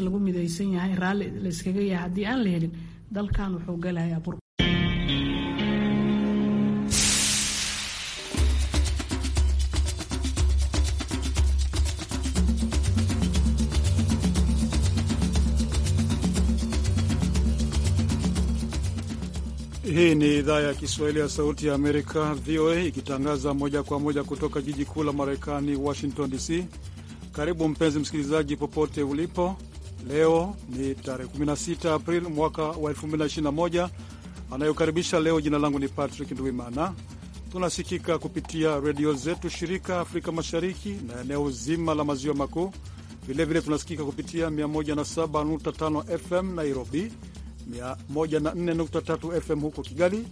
lagu midaysan yahay raalli la iskaga yahay haddii aan la helin dalkan wuxuu galayaa bur Hii ni idhaa ya Kiswahili ya Sauti ya Amerika, VOA, ikitangaza moja kwa moja kutoka jiji kuu la Marekani, Washington DC. Karibu mpenzi msikilizaji, popote ulipo Leo ni tarehe 16 Aprili mwaka wa 2021. Anayokaribisha leo, jina langu ni Patrick Ndwimana. Tunasikika kupitia redio zetu shirika Afrika Mashariki na eneo zima la maziwa makuu. Vilevile tunasikika kupitia 107.5 FM Nairobi, 104.3 FM huko Kigali,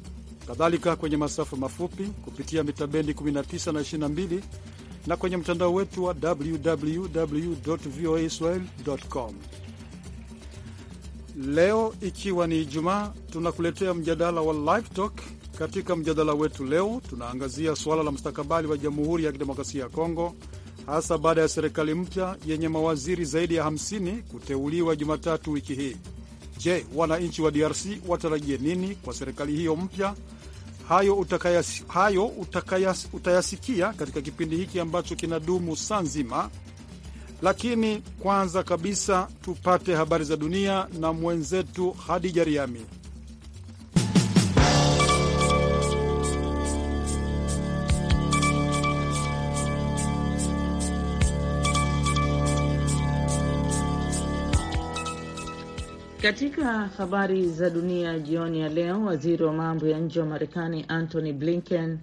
kadhalika kwenye masafa mafupi kupitia mitabendi 19 na 22 na kwenye mtandao wetu wa www voa Leo ikiwa ni Ijumaa, tunakuletea mjadala wa Live Talk. Katika mjadala wetu leo tunaangazia suala la mustakabali wa Jamhuri ya Kidemokrasia ya Kongo, hasa baada ya serikali mpya yenye mawaziri zaidi ya 50 kuteuliwa Jumatatu wiki hii. Je, wananchi wa DRC watarajie nini kwa serikali hiyo mpya Hayo, utakayas, hayo utakayas, utayasikia katika kipindi hiki ambacho kinadumu saa nzima, lakini kwanza kabisa tupate habari za dunia na mwenzetu Hadija Riami. Katika habari za dunia jioni ya leo, waziri wa mambo ya nje wa Marekani Antony Blinken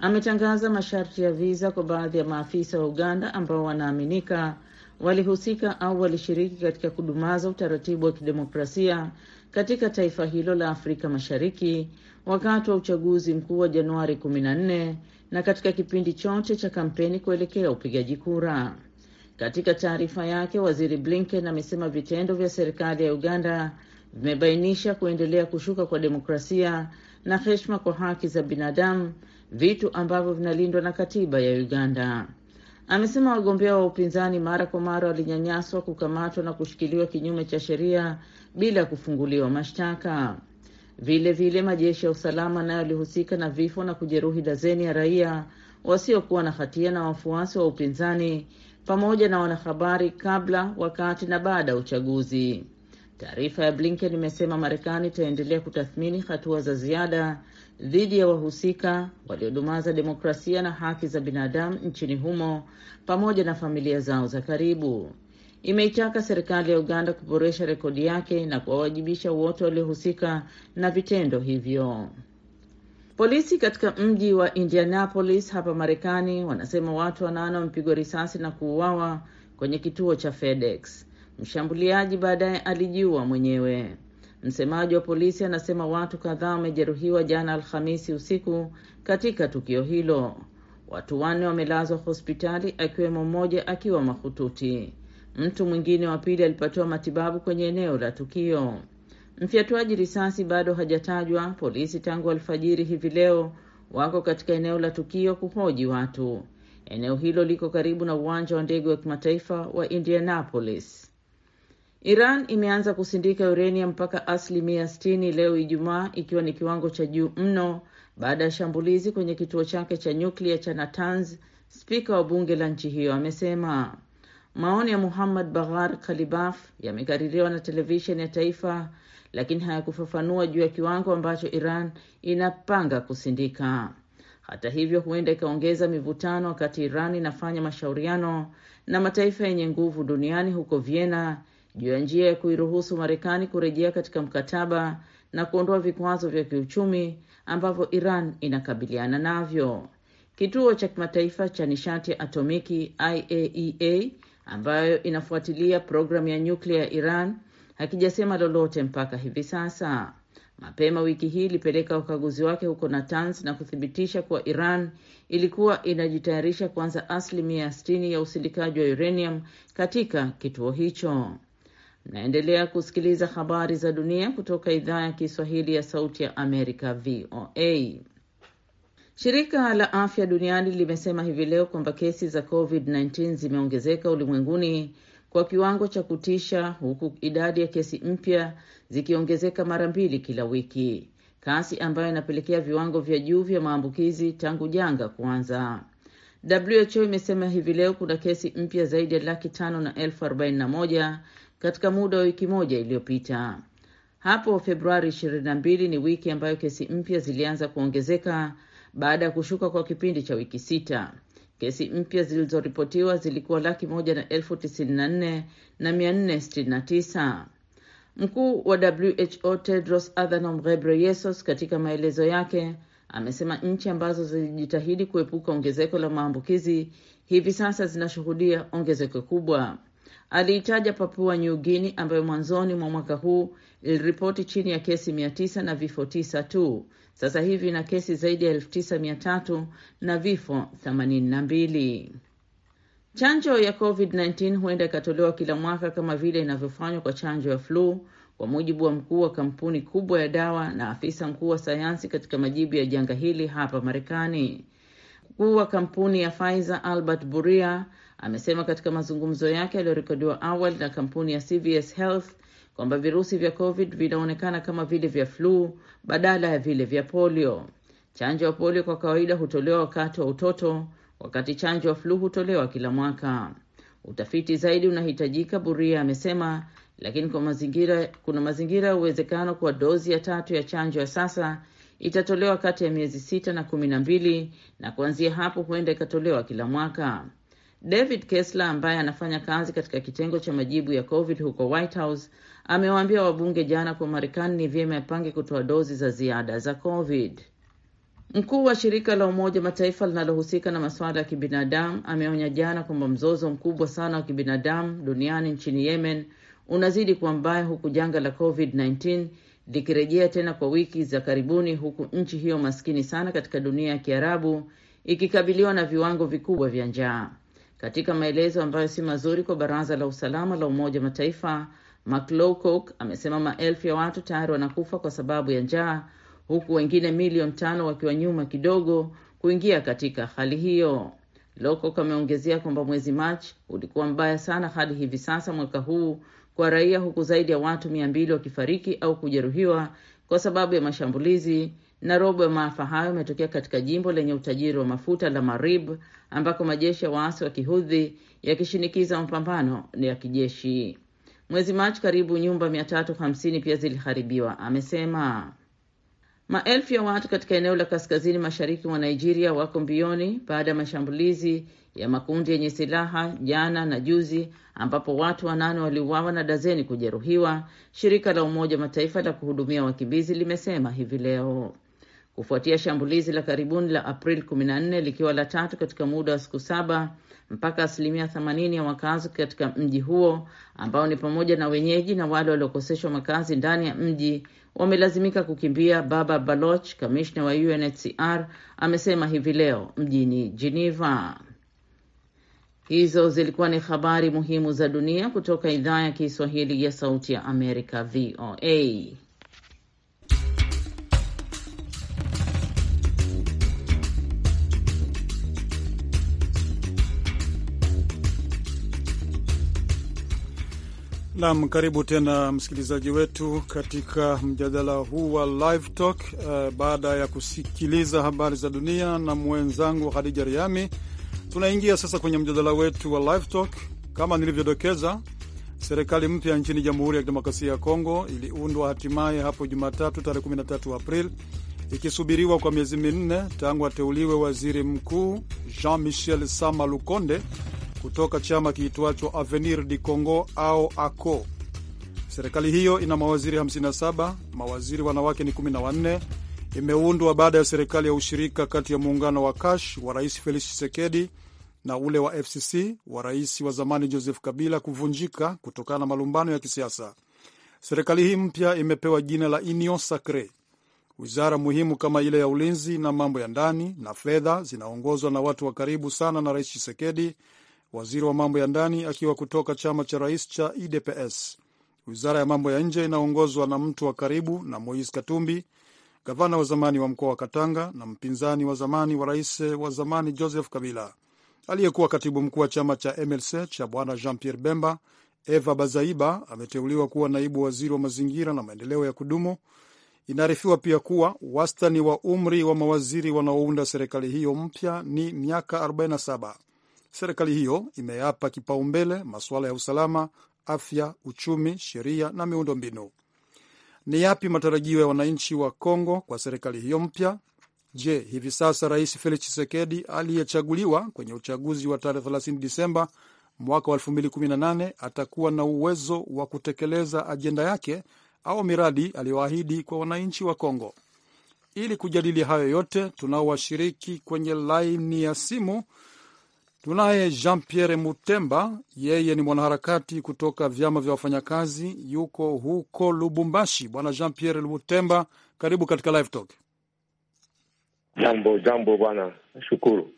ametangaza masharti ya viza kwa baadhi ya maafisa wa Uganda ambao wanaaminika walihusika au walishiriki katika kudumaza utaratibu wa kidemokrasia katika taifa hilo la Afrika Mashariki wakati wa uchaguzi mkuu wa Januari 14 na katika kipindi chote cha kampeni kuelekea upigaji kura. Katika taarifa yake, waziri Blinken amesema vitendo vya serikali ya Uganda vimebainisha kuendelea kushuka kwa demokrasia na heshima kwa haki za binadamu, vitu ambavyo vinalindwa na katiba ya Uganda. Amesema wagombea wa upinzani mara kwa mara walinyanyaswa, kukamatwa na kushikiliwa kinyume cha sheria bila kufunguliwa mashtaka. Vile vile majeshi ya usalama nayo yalihusika na vifo na kujeruhi dazeni ya raia wasiokuwa na hatia na wafuasi wa upinzani pamoja na wanahabari kabla, wakati na baada ya uchaguzi. Taarifa ya Blinken imesema Marekani itaendelea kutathmini hatua za ziada dhidi ya wahusika waliodumaza demokrasia na haki za binadamu nchini humo pamoja na familia zao za karibu. Imeitaka serikali ya Uganda kuboresha rekodi yake na kuwawajibisha wote waliohusika na vitendo hivyo. Polisi katika mji wa Indianapolis hapa Marekani wanasema watu wanane wamepigwa risasi na kuuawa kwenye kituo cha FedEx. Mshambuliaji baadaye alijiua mwenyewe. Msemaji wa polisi anasema watu kadhaa wamejeruhiwa jana Alhamisi usiku katika tukio hilo. Watu wanne wamelazwa hospitali, akiwemo mmoja akiwa mahututi. Mtu mwingine wa pili alipatiwa matibabu kwenye eneo la tukio. Mfyatuaji risasi bado hajatajwa. Polisi tangu alfajiri hivi leo wako katika eneo la tukio kuhoji watu. Eneo hilo liko karibu na uwanja wa ndege wa kimataifa wa Indianapolis. Iran imeanza kusindika uranium mpaka asilimia 60 leo Ijumaa, ikiwa ni kiwango cha juu mno baada ya shambulizi kwenye kituo chake cha nyuklia cha Natanz. Spika wa bunge la nchi hiyo amesema Maoni ya Muhammad Baghar Kalibaf yamekaririwa na televisheni ya taifa, lakini hayakufafanua juu ya kiwango ambacho Iran inapanga kusindika. Hata hivyo, huenda ikaongeza mivutano wakati Iran inafanya mashauriano na mataifa yenye nguvu duniani huko Vienna juu ya njia ya kuiruhusu Marekani kurejea katika mkataba na kuondoa vikwazo vya kiuchumi ambavyo Iran inakabiliana navyo. Kituo cha kimataifa cha nishati ya atomiki IAEA e ambayo inafuatilia programu ya nyuklia ya Iran hakijasema lolote mpaka hivi sasa. Mapema wiki hii ilipeleka ukaguzi wake huko Natanz na kuthibitisha kuwa Iran ilikuwa inajitayarisha kuanza asilimia 60 ya usindikaji wa uranium katika kituo hicho. Mnaendelea kusikiliza habari za dunia kutoka idhaa ya Kiswahili ya Sauti ya Amerika, VOA. Shirika la Afya Duniani limesema hivi leo kwamba kesi za COVID-19 zimeongezeka ulimwenguni kwa kiwango cha kutisha, huku idadi ya kesi mpya zikiongezeka mara mbili kila wiki, kasi ambayo inapelekea viwango vya juu vya maambukizi tangu janga kuanza. WHO imesema hivi leo kuna kesi mpya zaidi ya laki tano na elfu arobaini na moja katika muda wa wiki moja iliyopita. Hapo Februari 22 ni wiki ambayo kesi mpya zilianza kuongezeka baada ya kushuka kwa kipindi cha wiki sita. Kesi mpya zilizoripotiwa zilikuwa laki moja na elfu tisini na nne na mia nne sitini na tisa. Mkuu wa WHO Tedros Adhanom Ghebreyesus katika maelezo yake amesema nchi ambazo zilijitahidi kuepuka ongezeko la maambukizi hivi sasa zinashuhudia ongezeko kubwa. Aliitaja Papua New Guinea ambayo mwanzoni mwa mwaka huu iliripoti chini ya kesi 9 na vifo tisa tu sasa hivi ina kesi zaidi ya elfu tisa mia tatu na vifo 82. Chanjo ya COVID-19 huenda ikatolewa kila mwaka kama vile inavyofanywa kwa chanjo ya flu, kwa mujibu wa mkuu wa kampuni kubwa ya dawa na afisa mkuu wa sayansi katika majibu ya janga hili hapa Marekani. Mkuu wa kampuni ya Pfizer Albert Buria amesema katika mazungumzo yake yaliyorekodiwa awali na kampuni ya CVS Health kwamba virusi vya COVID vinaonekana kama vile vya flu badala ya vile vya polio. Chanjo ya polio kwa kawaida hutolewa wakati wa utoto, wakati chanjo ya flu hutolewa kila mwaka. Utafiti zaidi unahitajika, Buria amesema, lakini kwa mazingira, kuna mazingira ya uwezekano kuwa dozi ya tatu ya chanjo ya sasa itatolewa kati ya miezi sita na kumi na mbili na kuanzia hapo huenda ikatolewa kila mwaka. David kesler ambaye anafanya kazi katika kitengo cha majibu ya COVID huko White House amewaambia wabunge jana kuwa Marekani ni vyema yapange kutoa dozi za ziada za COVID. Mkuu wa shirika la Umoja Mataifa linalohusika na masuala ya kibinadamu ameonya jana kwamba mzozo mkubwa sana wa kibinadamu duniani nchini Yemen unazidi kuwa mbaya, huku janga la COVID-19 likirejea tena kwa wiki za karibuni, huku nchi hiyo maskini sana katika dunia ya Kiarabu ikikabiliwa na viwango vikubwa vya njaa. Katika maelezo ambayo si mazuri kwa Baraza la Usalama la Umoja Mataifa, McCloskok amesema maelfu ya watu tayari wanakufa kwa sababu ya njaa huku wengine milioni tano wakiwa nyuma kidogo kuingia katika hali hiyo. Lokok ameongezea kwamba mwezi Machi ulikuwa mbaya sana hadi hivi sasa mwaka huu kwa raia, huku zaidi ya watu mia mbili wakifariki au kujeruhiwa kwa sababu ya mashambulizi, na robo ya maafa hayo yametokea katika jimbo lenye utajiri wa mafuta la Marib ambako majeshi ya waasi wa kihudhi yakishinikiza mapambano ya kijeshi. Mwezi Machi karibu nyumba 350 pia ziliharibiwa, amesema. Maelfu ya watu katika eneo la kaskazini mashariki mwa Nigeria wako mbioni baada ya mashambulizi ya makundi yenye silaha jana na juzi, ambapo watu wanane waliuawa na dazeni kujeruhiwa, shirika la Umoja wa Mataifa la kuhudumia wakimbizi limesema hivi leo kufuatia shambulizi la karibuni la Aprili 14 likiwa la tatu katika muda wa siku saba mpaka asilimia 80 ya wakazi katika mji huo ambao ni pamoja na wenyeji na wale waliokoseshwa makazi ndani ya mji wamelazimika kukimbia. Baba Baloch, kamishna wa UNHCR, amesema hivi leo mjini Geneva. Hizo zilikuwa ni habari muhimu za dunia kutoka idhaa ya Kiswahili ya Sauti ya Amerika, VOA. Nam, karibu tena msikilizaji wetu katika mjadala huu wa Live Talk. Uh, baada ya kusikiliza habari za dunia na mwenzangu Khadija Riami, tunaingia sasa kwenye mjadala wetu wa Live Talk. Kama nilivyodokeza, serikali mpya nchini Jamhuri ya Kidemokrasia ya Kongo iliundwa hatimaye hapo Jumatatu tarehe 13 Aprili, ikisubiriwa kwa miezi minne tangu ateuliwe waziri mkuu Jean Michel Sama Lukonde kutoka chama kiitwacho Avenir di Congo au ACO. Serikali hiyo ina mawaziri 57, mawaziri wanawake ni 14. Imeundwa baada ya serikali ya ushirika kati ya muungano wa Kash wa Rais Felix Tshisekedi na ule wa FCC wa rais wa zamani Joseph Kabila kuvunjika kutokana na malumbano ya kisiasa. Serikali hii mpya imepewa jina la Union Sacre. Wizara muhimu kama ile ya ulinzi na mambo ya ndani na fedha zinaongozwa na watu wa karibu sana na Rais Chisekedi waziri wa mambo ya ndani akiwa kutoka chama cha rais cha UDPS. Wizara ya mambo ya nje inaongozwa na mtu wa karibu na Moise Katumbi, gavana wa zamani wa mkoa wa Katanga na mpinzani wa zamani wa rais wa zamani Joseph Kabila. Aliyekuwa katibu mkuu wa chama cha MLC cha bwana Jean Pierre Bemba, Eva Bazaiba, ameteuliwa kuwa naibu waziri wa mazingira na maendeleo ya kudumu. Inaarifiwa pia kuwa wastani wa umri wa mawaziri wanaounda serikali hiyo mpya ni miaka 47. Serikali hiyo imeyapa kipaumbele masuala ya usalama, afya, uchumi, sheria na miundo mbinu. Ni yapi matarajio ya wananchi wa Kongo kwa serikali hiyo mpya? Je, hivi sasa Rais Felix Tshisekedi aliyechaguliwa kwenye uchaguzi wa tarehe 30 Disemba mwaka wa 2018 atakuwa na uwezo wa kutekeleza ajenda yake au miradi aliyoahidi kwa wananchi wa Kongo? Ili kujadili hayo yote, tunao washiriki kwenye laini ya simu Tunaye Jean Pierre Mutemba, yeye ni mwanaharakati kutoka vyama vya wafanyakazi, yuko huko Lubumbashi. Bwana Jean Pierre Mutemba, karibu katika Live Talk. Jambo jambo bwana, shukuru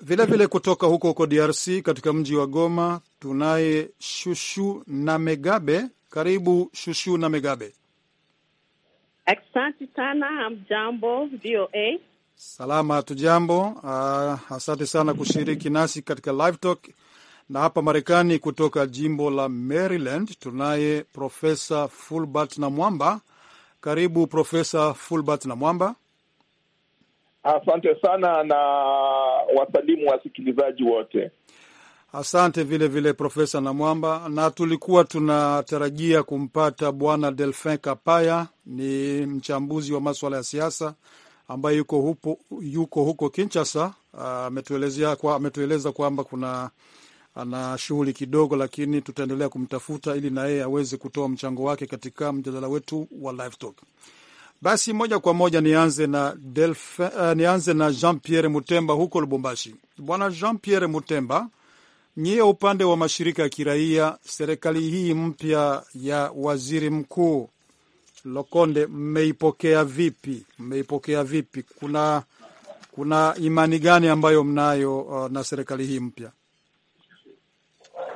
vilevile vile kutoka huko huko DRC katika mji wa Goma tunaye Shushu na Megabe. Karibu Shushu na Megabe. Asante sana. amjambo VOA. Salama, jambo. Uh, ah, asante sana kushiriki nasi katika live talk. Na hapa Marekani, kutoka jimbo la Maryland tunaye Profesa Fulbert na Mwamba. Karibu Profesa Fulbert na Mwamba. Asante sana na wasalimu wasikilizaji wote. Asante vile vile Profesa Namwamba, na tulikuwa tunatarajia kumpata Bwana Delfin Kapaya, ni mchambuzi wa maswala ya siasa ambaye yuko, hupo, yuko huko Kinshasa ametuelezea kwa, ametueleza kwamba kuna ana shughuli kidogo, lakini tutaendelea kumtafuta ili na yeye aweze kutoa mchango wake katika mjadala wetu wa live talk. Basi moja kwa moja nianze na uh, nianze na Jean Pierre Mutemba huko Lubumbashi. Bwana Jean Pierre Mutemba, nyie upande wa mashirika ya kiraia, serikali hii mpya ya waziri mkuu Lokonde, mmeipokea vipi? Mmeipokea vipi? Kuna kuna imani gani ambayo mnayo uh, na serikali hii mpya?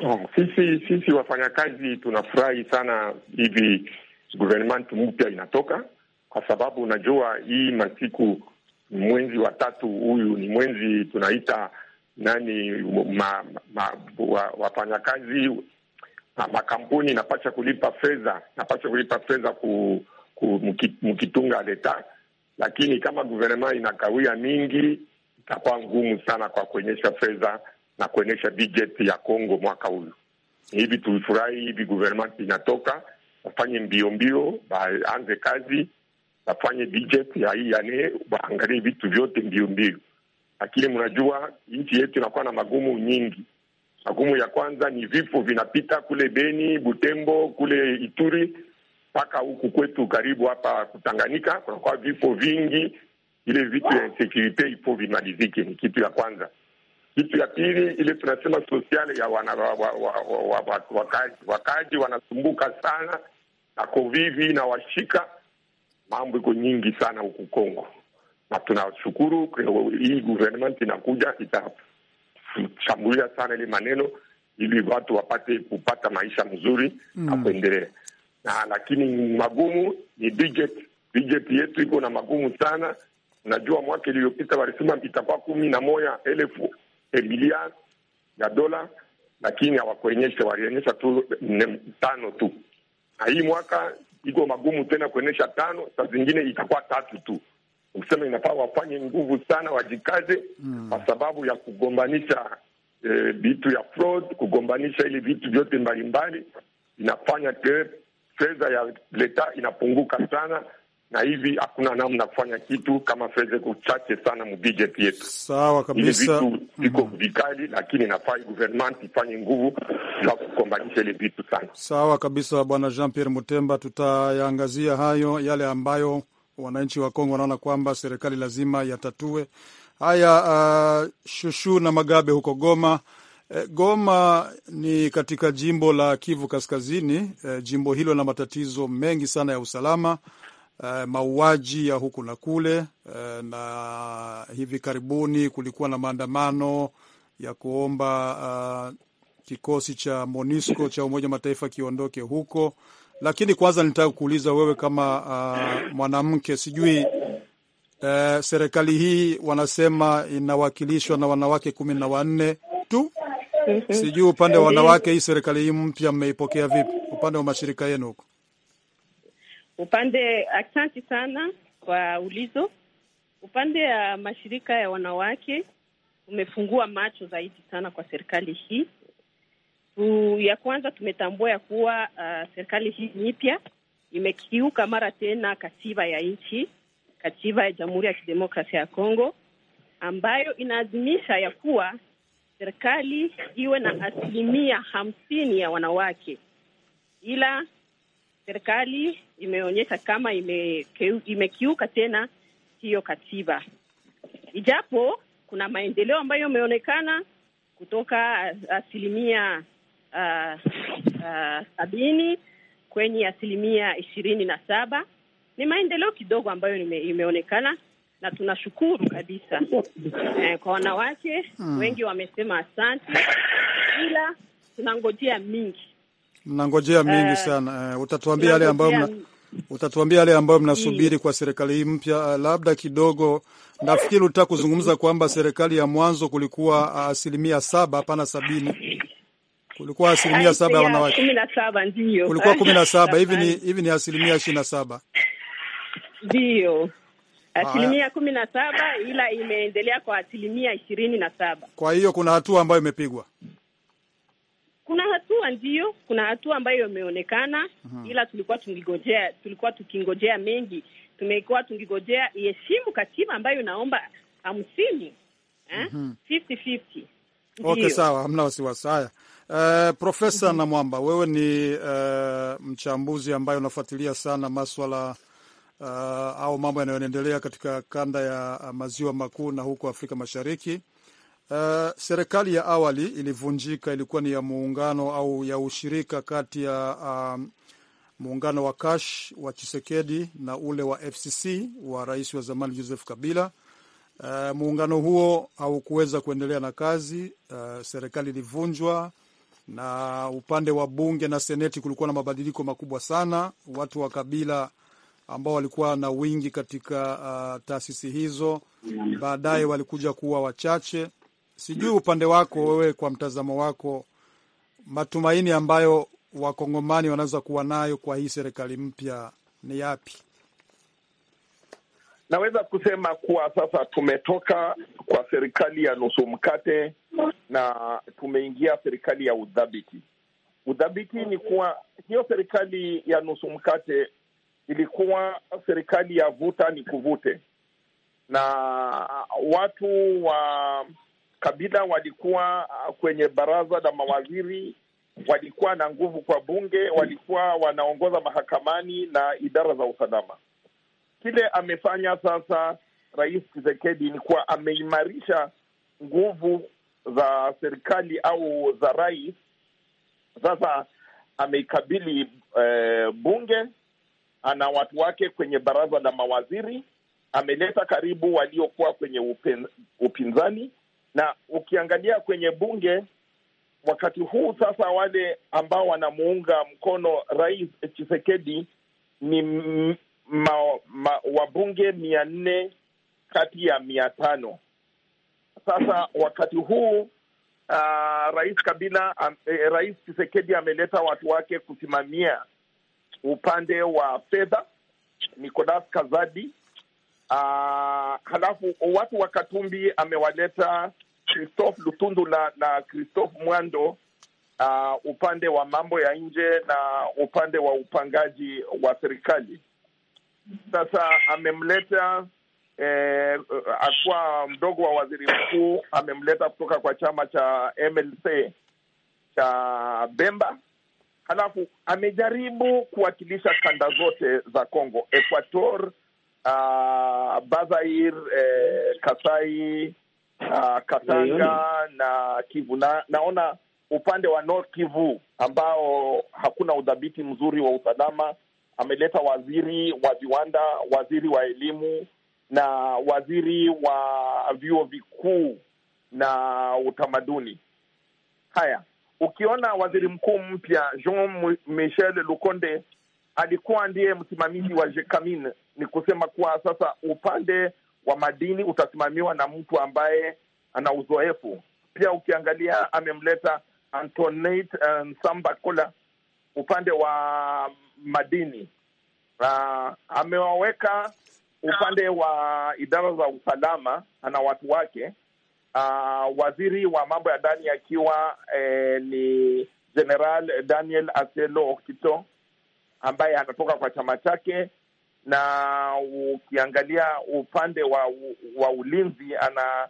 Oh, sisi sisi wafanyakazi tunafurahi sana hivi government mpya inatoka, kwa sababu unajua hii masiku mwenzi wa tatu, huyu ni mwenzi tunaita nani ma, ma, wafanyakazi na makampuni inapasha kulipa fedha, napasha kulipa fedha ku, ku mkitunga leta, lakini kama guvernema inakawia mingi, itakuwa ngumu sana kwa kuonyesha fedha na kuonyesha bajeti ya Kongo mwaka huyu. Hivi tulifurahi hivi guvernment inatoka wafanye mbio mbio, baanze kazi, wafanye bajeti ya hii yane, waangalie vitu vyote mbio mbio, lakini mnajua nchi yetu inakuwa na magumu nyingi Magumu ya kwanza ni vifo vinapita kule Beni, Butembo, kule Ituri mpaka huku kwetu karibu hapa Kutanganyika, kunakuwa vifo vingi. Ile vitu ya insecurity ipo vimalizike, ni kitu ya kwanza. Kitu ya pili, ile tunasema sosiale ya wana, wa, wa, wa, wa, wa, wa, wakaji, wakaji wanasumbuka sana na kovivi na washika mambo iko nyingi sana huku Kongo, na tunashukuru hii government inakuja ita kushambulia sana ile maneno ili watu wapate kupata maisha mzuri mm, na kuendelea na, lakini magumu ni budget. Budget yetu iko na magumu sana. Unajua, mwaka iliyopita walisema itakuwa kumi na moja elfu biliari eh, ya dola, lakini hawakuonyesha, walionyesha tu tano tu, na hii mwaka iko magumu tena kuonyesha tano, saa zingine itakuwa tatu tu kusema inafaa wafanye nguvu sana, wajikaze mm. kwa mm. sababu ya kugombanisha eh, vitu eh, ya fraud, kugombanisha ili vitu vyote mbalimbali inafanya ke fedha ya leta inapunguka sana na hivi hakuna namna kufanya kitu kama fedha iko chache sana mu yetu. Sawa kabisa, mm -hmm. vikali, lakini nafai government ifanye nguvu za kukombanisha ile vitu sana. Sawa kabisa, bwana Jean Pierre Mutemba, tutayaangazia hayo yale ambayo wananchi wa Kongo wanaona kwamba serikali lazima yatatue haya. Uh, shushu na Magabe huko Goma. E, Goma ni katika jimbo la Kivu Kaskazini. E, jimbo hilo lina matatizo mengi sana ya usalama e, mauaji ya huku na kule e, na hivi karibuni kulikuwa na maandamano ya kuomba uh, kikosi cha MONUSCO cha Umoja Mataifa kiondoke huko. Lakini kwanza nitaka kuuliza wewe kama uh, mwanamke, sijui uh, serikali hii wanasema inawakilishwa na wanawake kumi na wanne tu. Mhm. Sijui upande wa wanawake hii serikali hii mpya mmeipokea vipi, upande wa mashirika yenu huko upande? asanti sana kwa ulizo. Upande ya mashirika ya wanawake umefungua macho zaidi sana kwa serikali hii ya kwanza tumetambua ya kuwa uh, serikali hii mpya imekiuka mara tena katiba ya nchi, katiba ya Jamhuri ya Kidemokrasia ya Kongo ambayo inaadhimisha ya kuwa serikali iwe na asilimia hamsini ya wanawake, ila serikali imeonyesha kama imekiuka tena hiyo katiba, ijapo kuna maendeleo ambayo imeonekana kutoka asilimia Uh, uh, sabini kwenye asilimia ishirini na saba. Ni maendeleo kidogo ambayo ime, imeonekana na tunashukuru kabisa eh, kwa wanawake hmm. Wengi wamesema asante, ila tunangojea mingi, mnangojea mingi uh, sana. Uh, utatuambia yale ambayo mna utatuambia yale ambayo mnasubiri kwa serikali hii mpya. Eh, labda kidogo, nafikiri utaka kuzungumza kwamba serikali ya mwanzo kulikuwa ah, asilimia saba, hapana sabini kulikuwa asilimia saba ya wanawake, kumi na saba ndio kulikuwa kumi na saba hivi ni hivi ni asilimia ishirini na saba ndio asilimia kumi na saba ila imeendelea kwa asilimia ishirini na saba. Kwa hiyo kuna hatua ambayo imepigwa, kuna hatua ndiyo, kuna hatua ambayo imeonekana mhm. Ila tulikuwa tungigojea, tulikuwa tukingojea mengi, tumekuwa tungigojea iheshimu katiba ambayo inaomba hamsini eh? Mhm. fifty fifty. Okay, sawa, hamna wasiwasi. Haya, Uh, Profesa mm -hmm. Namwamba, wewe ni uh, mchambuzi ambaye unafuatilia sana maswala uh, au mambo yanayoendelea katika kanda ya maziwa makuu na huko Afrika Mashariki. Uh, serikali ya awali ilivunjika, ilikuwa ni ya muungano au ya ushirika kati ya uh, muungano wa Kash wa Chisekedi na ule wa FCC wa rais wa zamani Joseph Kabila. Uh, muungano huo haukuweza kuendelea na kazi. Uh, serikali ilivunjwa na upande wa bunge na seneti kulikuwa na mabadiliko makubwa sana. Watu wa kabila ambao walikuwa na wingi katika uh, taasisi hizo baadaye walikuja kuwa wachache. Sijui upande wako wewe, kwa mtazamo wako, matumaini ambayo wakongomani wanaweza kuwa nayo kwa hii serikali mpya ni yapi? Naweza kusema kuwa sasa tumetoka kwa serikali ya nusu mkate na tumeingia serikali ya udhabiti. Udhabiti ni kuwa hiyo serikali ya nusu mkate ilikuwa serikali ya vuta ni kuvute, na watu wa Kabila walikuwa ah, kwenye baraza la mawaziri, walikuwa na nguvu kwa bunge, walikuwa wanaongoza mahakamani na idara za usalama kile amefanya sasa Rais chisekedi ni kuwa ameimarisha nguvu za serikali au za rais. Sasa ameikabili eh, bunge, ana watu wake kwenye baraza la mawaziri, ameleta karibu waliokuwa kwenye upen, upinzani. Na ukiangalia kwenye bunge wakati huu sasa, wale ambao wanamuunga mkono Rais chisekedi ni ma, ma, wabunge mia nne kati ya mia tano. Sasa wakati huu uh, rais Kabila um, eh, rais Chisekedi ameleta watu wake kusimamia upande wa fedha, Nicolas Kazadi uh, halafu watu wa Katumbi amewaleta Christophe Lutundu na, na Christophe Mwando uh, upande wa mambo ya nje na upande wa upangaji wa serikali sasa amemleta eh, akuwa mdogo wa waziri mkuu, amemleta kutoka kwa chama cha MLC cha Bemba, halafu amejaribu kuwakilisha kanda zote za Congo, Equator, uh, Bazair, eh, Kasai, uh, Katanga na Kivu na, naona upande wa North Kivu ambao hakuna udhabiti mzuri wa usalama ameleta waziri wa viwanda, waziri wa elimu na waziri wa vyuo vikuu na utamaduni. Haya, ukiona waziri mkuu mpya Jean Michel Lukonde alikuwa ndiye msimamizi wa Jekamin, ni kusema kuwa sasa upande wa madini utasimamiwa na mtu ambaye ana uzoefu pia. Ukiangalia amemleta Antoinette eh, Nsamba Kola upande wa madini na amewaweka upande wa idara za usalama na watu wake. Uh, waziri wa mambo ya ndani akiwa eh, ni General Daniel Aselo Okito ambaye anatoka kwa chama chake, na ukiangalia upande wa wa ulinzi ana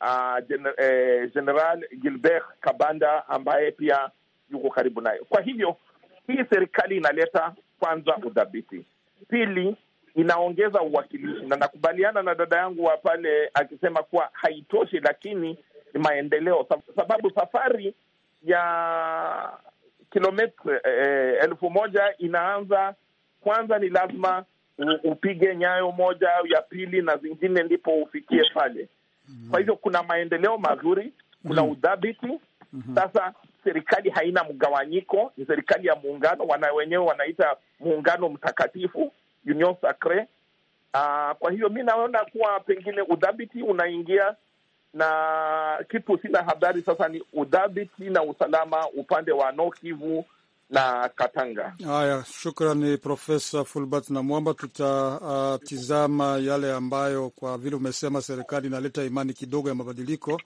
uh, gen, eh, General Gilbert Kabanda ambaye pia yuko karibu nayo. Kwa hivyo hii serikali inaleta kwanza udhabiti, pili inaongeza uwakilishi, na nakubaliana na dada yangu wa pale akisema kuwa haitoshi, lakini ni maendeleo, sababu safari ya kilometre eh, eh, elfu moja inaanza kwanza, ni lazima upige nyayo moja au ya pili na zingine, ndipo ufikie pale. Kwa hivyo kuna maendeleo mazuri, kuna mm-hmm. udhabiti. Mm-hmm. Sasa serikali haina mgawanyiko, ni serikali ya muungano, wana wenyewe wanaita muungano mtakatifu, union sacre. Ah, kwa hiyo mi naona kuwa pengine udhabiti unaingia na kitu, sina habari sasa ni udhabiti na usalama upande wa Nokivu na Katanga. Haya, shukrani Profesa Fulbert na Mwamba. Tutatizama uh, yale ambayo kwa vile umesema serikali inaleta imani kidogo ya mabadiliko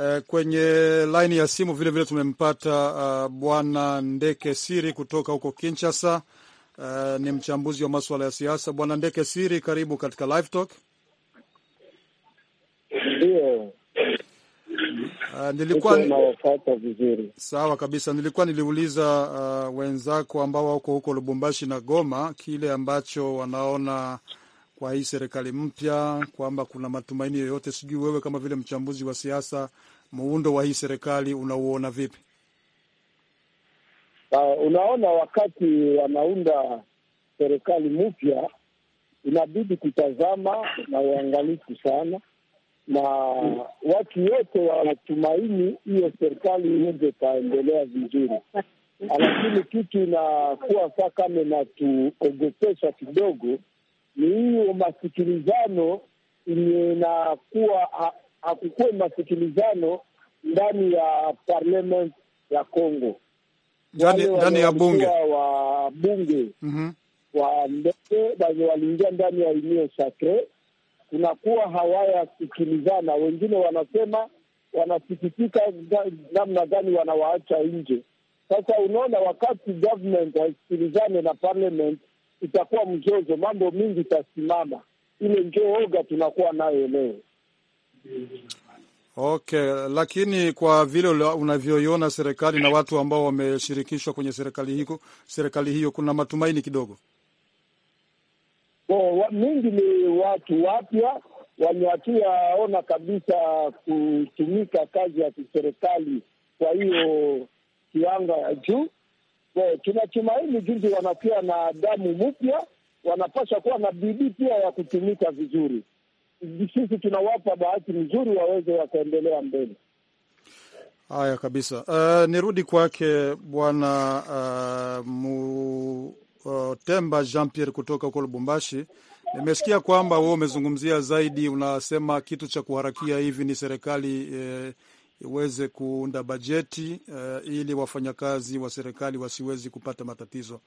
Eh, kwenye laini ya simu vilevile vile tumempata uh, Bwana Ndeke Siri kutoka huko Kinshasa. Uh, ni mchambuzi wa maswala ya siasa. Bwana Ndeke Siri, karibu katika Live Talk. Uh, nilikuwa Sawa kabisa, nilikuwa niliuliza uh, wenzako ambao wako huko Lubumbashi na Goma kile ambacho wanaona kwa hii serikali mpya, kwamba kuna matumaini yoyote? Sijui wewe kama vile mchambuzi wa siasa, muundo wa hii serikali unauona vipi? Uh, unaona, wakati wanaunda serikali mpya inabidi kutazama na uangalifu sana, na watu wote wanatumaini hiyo serikali iweze ikaendelea vizuri, lakini kitu inakuwa saa kama inatuogopesha kidogo ni hiyo masikilizano inakuwa ha, hakukuwa masikilizano ndani ya parliament ya Congo ndani ya bunge wa bunge mm -hmm. wa ndege wenye waliingia ndani ya union sacre, kunakuwa hawayasikilizana. Wengine wanasema wanasikitika namna gani wanawaacha nje. Sasa unaona, wakati government haisikilizane na parliament itakuwa mzozo, mambo mingi itasimama. Ile ndio oga tunakuwa nayo leo. Okay, lakini kwa vile unavyoiona serikali na watu ambao wameshirikishwa kwenye serikali hiko serikali hiyo kuna matumaini kidogo. Oh, mingi ni watu wapya wenye hatuyaona kabisa kutumika kazi ya kiserikali, kwa hiyo kianga ya juu Eh, tunatumaini jinsi wanakuwa na damu mpya, wanapaswa kuwa na bidii pia ya kutumika vizuri. Sisi tunawapa bahati mzuri waweze wakaendelea mbele. Haya kabisa. Uh, nirudi kwake bwana uh, Mutemba uh, Jean Pierre kutoka huko Lubumbashi. Nimesikia kwamba wewe umezungumzia zaidi, unasema kitu cha kuharakia hivi ni serikali eh, iweze kuunda bajeti uh, ili wafanyakazi wa serikali wasiwezi kupata matatizo.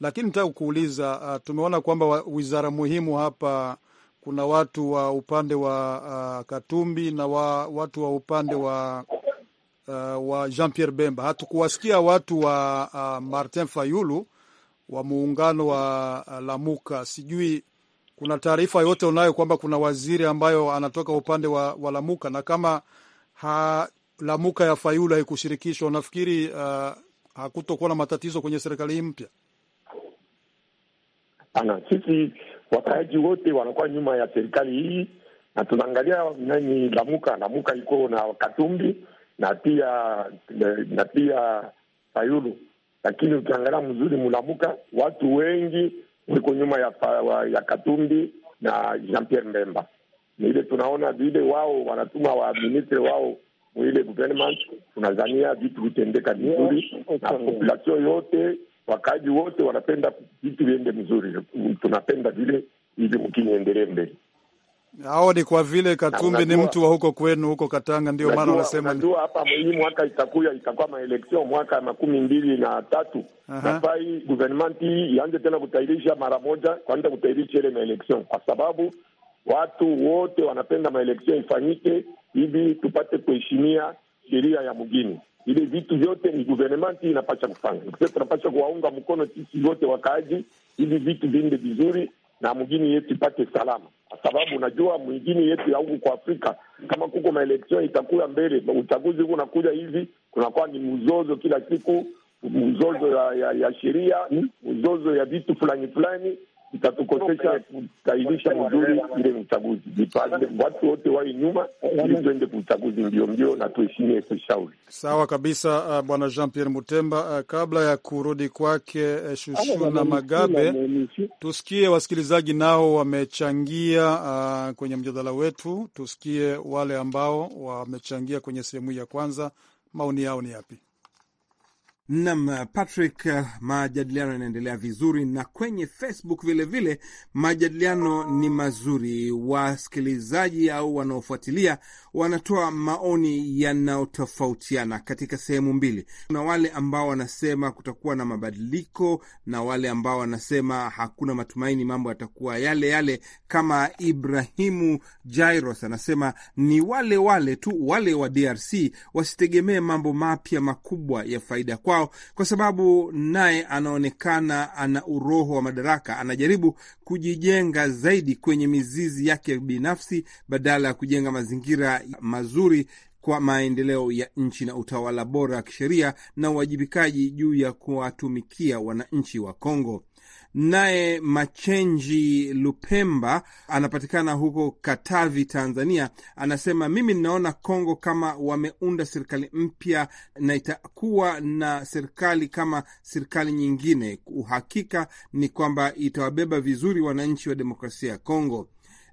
Lakini nataka kuuliza uh, ah, tumeona kwamba wizara muhimu hapa kuna watu wa upande wa uh, Katumbi na wa, watu wa upande wa uh, wa Jean Pierre Bemba. Hatukuwasikia watu wa uh, Martin Fayulu wa muungano wa uh, Lamuka. Sijui kuna taarifa yote unayo kwamba kuna waziri ambayo anatoka upande wa, wa Lamuka, na kama ha, Lamuka ya Fayulu haikushirikishwa, nafikiri uh, hakutokuwa na matatizo kwenye serikali hii mpya. Ana sisi wakaaji wote wanakuwa nyuma ya serikali hii, na tunaangalia nani Lamuka. Lamuka iko na Katumbi na pia na pia Fayulu, lakini ukiangalia mzuri Mulamuka, watu wengi wiko nyuma ya, ya Katumbi na Jean Pierre Mbemba. Ni ile tunaona vile wao wanatuma waministre wao mwile government, tunazania vitu vitendeka vizuri okay. na population yote wakaji wote wanapenda vitu viende mzuri, tunapenda vile hivi mkiniendelee mbele. Hao ni kwa vile Katumbi ni mtu wa huko kwenu huko Katanga, ndio maana wanasema najua hapa hii mwaka itakuya itakuwa maeleksio mwaka ya makumi mbili na tatu nafai government hii ianze tena kutairisha mara moja, kwanza kutairisha ile maeleksio, kwa sababu watu wote wanapenda maeleksio ifanyike ili tupate kuheshimia sheria ya mgini. Ile vitu vyote ni guvernment inapasha kufanya, tunapasha kuwaunga mkono sisi wote wakaaji, hivi vitu viende vizuri na mgini yetu ipate salama, kwa sababu unajua mwingine yetu ya huku kwa Afrika, kama kuko maeleksion itakuya mbele, uchaguzi huu unakuja hivi, kunakuwa ni mzozo kila siku, mzozo ya, ya, ya sheria, mzozo ya vitu fulani fulani itatukosesha kutairisha mzuri ile uchaguzi. vipande watu wote wawe nyuma, ili tuende kuuchaguzi mbio mbio na tuheshimie kushauri. Sawa kabisa. Uh, bwana Jean Pierre Mutemba, uh, kabla ya kurudi kwake uh, na Magabe, tusikie wasikilizaji nao wamechangia uh, kwenye mjadala wetu. Tusikie wale ambao wamechangia kwenye sehemu hii ya kwanza, maoni yao ni yapi? Nam uh, Patrick, uh, majadiliano yanaendelea vizuri na kwenye Facebook vilevile vile, majadiliano ni mazuri. Wasikilizaji au wanaofuatilia wanatoa maoni yanayotofautiana katika sehemu mbili. Kuna wale ambao wanasema kutakuwa na mabadiliko na wale ambao wanasema hakuna matumaini, mambo yatakuwa yale yale. Kama Ibrahimu Jairos anasema ni wale wale tu, wale wa DRC wasitegemee mambo mapya makubwa ya faida kwao kwao, kwa sababu naye anaonekana ana uroho wa madaraka, anajaribu kujijenga zaidi kwenye mizizi yake binafsi badala ya kujenga mazingira mazuri kwa maendeleo ya nchi na utawala bora wa kisheria na uwajibikaji juu ya kuwatumikia wananchi wa Kongo. Naye Machenji Lupemba anapatikana huko Katavi, Tanzania, anasema mimi ninaona Kongo kama wameunda serikali mpya na itakuwa na serikali kama serikali nyingine. Uhakika ni kwamba itawabeba vizuri wananchi wa demokrasia ya Kongo.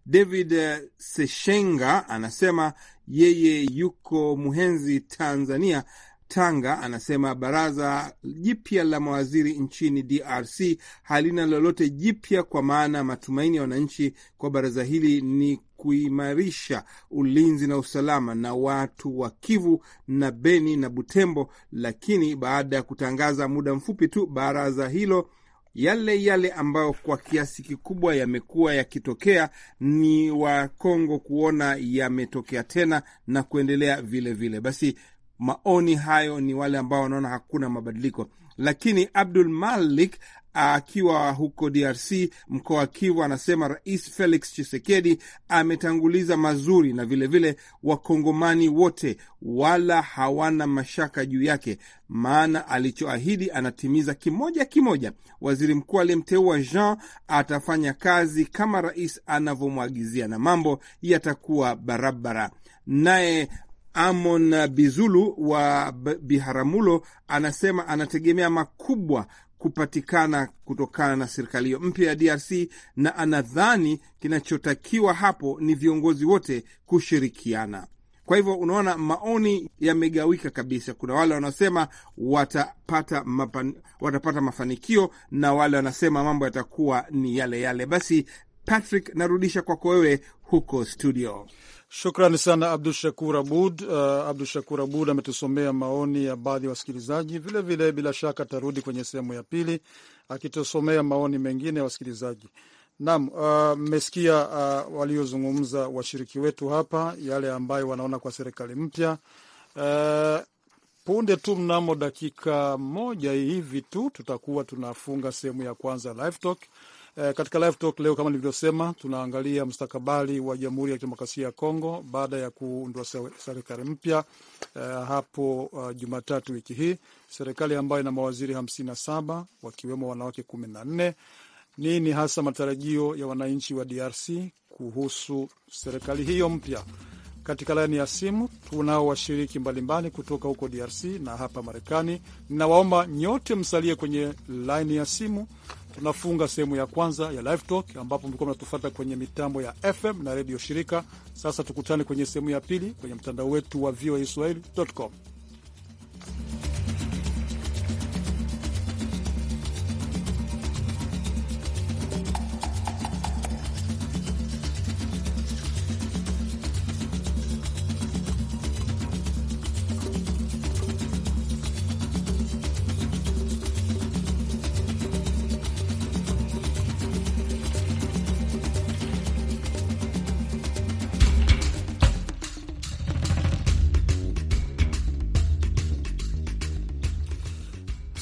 David Seshenga anasema yeye yuko Muhenzi, Tanzania, Tanga anasema baraza jipya la mawaziri nchini DRC halina lolote jipya, kwa maana matumaini ya wananchi kwa baraza hili ni kuimarisha ulinzi na usalama na watu wa Kivu na Beni na Butembo. Lakini baada ya kutangaza muda mfupi tu baraza hilo yale yale ambayo kwa kiasi kikubwa yamekuwa yakitokea ni Wakongo kuona yametokea tena na kuendelea vilevile vile. Basi maoni hayo ni wale ambao wanaona hakuna mabadiliko, lakini Abdul Malik akiwa huko DRC mkoa wa Kivu anasema Rais Felix Tshisekedi ametanguliza mazuri, na vilevile vile Wakongomani wote wala hawana mashaka juu yake, maana alichoahidi anatimiza kimoja kimoja. Waziri mkuu aliyemteua Jean atafanya kazi kama rais anavyomwagizia na mambo yatakuwa barabara. Naye Amon Bizulu wa Biharamulo anasema anategemea makubwa kupatikana kutokana na serikali hiyo mpya ya DRC na anadhani kinachotakiwa hapo ni viongozi wote kushirikiana. Kwa hivyo unaona, maoni yamegawika kabisa. Kuna wale wanaosema watapata, mapan, watapata mafanikio na wale wanasema mambo yatakuwa ni yale yale. Basi Patrick, narudisha kwako wewe huko studio. Shukrani sana Abdu Shakur Abud. Uh, Abdu Shakur Abud ametusomea maoni ya baadhi ya wasikilizaji. Vilevile bila shaka atarudi kwenye sehemu ya pili akitusomea maoni mengine ya wasikilizaji. Naam, uh, mmesikia uh, uh, waliozungumza washiriki wetu hapa, yale ambayo wanaona kwa serikali mpya uh, punde tu mnamo dakika moja hivi tu tutakuwa tunafunga sehemu ya kwanza Live Talk Eh, katika live talk leo kama nilivyosema, tunaangalia mstakabali wa Jamhuri ya Kidemokrasia ya Kongo baada ya kuundwa serikali mpya e, hapo uh, Jumatatu wiki hii, serikali ambayo ina mawaziri hamsini na saba wakiwemo wanawake kumi na nne. Nini hasa matarajio ya wananchi wa DRC kuhusu serikali hiyo mpya? Katika laini ya simu tunao washiriki mbalimbali kutoka huko DRC na hapa Marekani. Ninawaomba nyote msalie kwenye laini ya simu Tunafunga sehemu ya kwanza ya Live Talk ambapo mlikuwa mnatufuata kwenye mitambo ya FM na redio shirika. Sasa tukutane kwenye sehemu ya pili kwenye mtandao wetu wa voaswahili.com.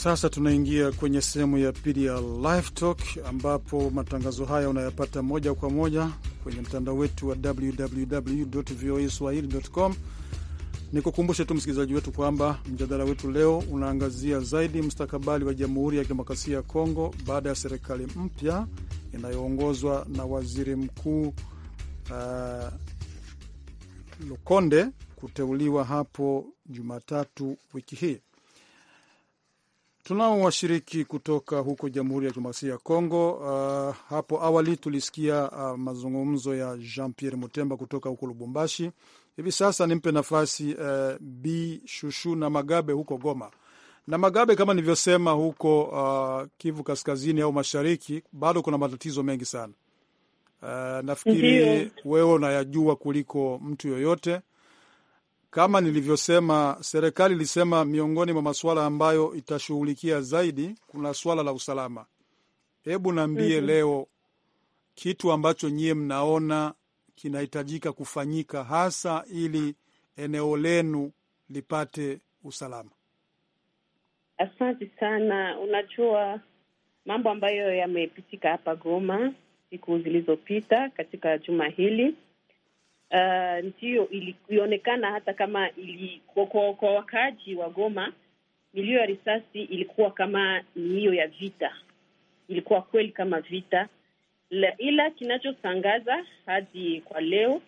Sasa tunaingia kwenye sehemu ya pili ya Live Talk, ambapo matangazo haya unayapata moja kwa moja kwenye mtandao wetu wa www voa swahili com. Ni kukumbushe tu msikilizaji wetu kwamba mjadala wetu leo unaangazia zaidi mustakabali wa Jamhuri ya Kidemokrasia ya Kongo baada ya serikali mpya inayoongozwa na waziri mkuu uh, Lukonde kuteuliwa hapo Jumatatu wiki hii. Tunao washiriki kutoka huko Jamhuri ya Kidemokrasia ya Kongo. Uh, hapo awali tulisikia uh, mazungumzo ya Jean Pierre Mutemba kutoka huko Lubumbashi. Hivi sasa nimpe nafasi uh, Bi Shushu na Magabe huko Goma na Magabe, kama nilivyosema, huko uh, Kivu Kaskazini au Mashariki bado kuna matatizo mengi sana. Uh, nafikiri wewe unayajua kuliko mtu yoyote kama nilivyosema, serikali ilisema miongoni mwa masuala ambayo itashughulikia zaidi kuna swala la usalama. Hebu naambie, mm -hmm. leo kitu ambacho nyie mnaona kinahitajika kufanyika hasa ili eneo lenu lipate usalama. Asante sana. Unajua mambo ambayo yamepitika hapa Goma siku zilizopita katika juma hili uh, eh, ilionekana hata kama ili, kwa, kwa, kwa wakaaji wa Goma milio ya risasi ilikuwa kama hiyo ya vita, ilikuwa kweli kama vita la, ila kinachosangaza hadi kwa leo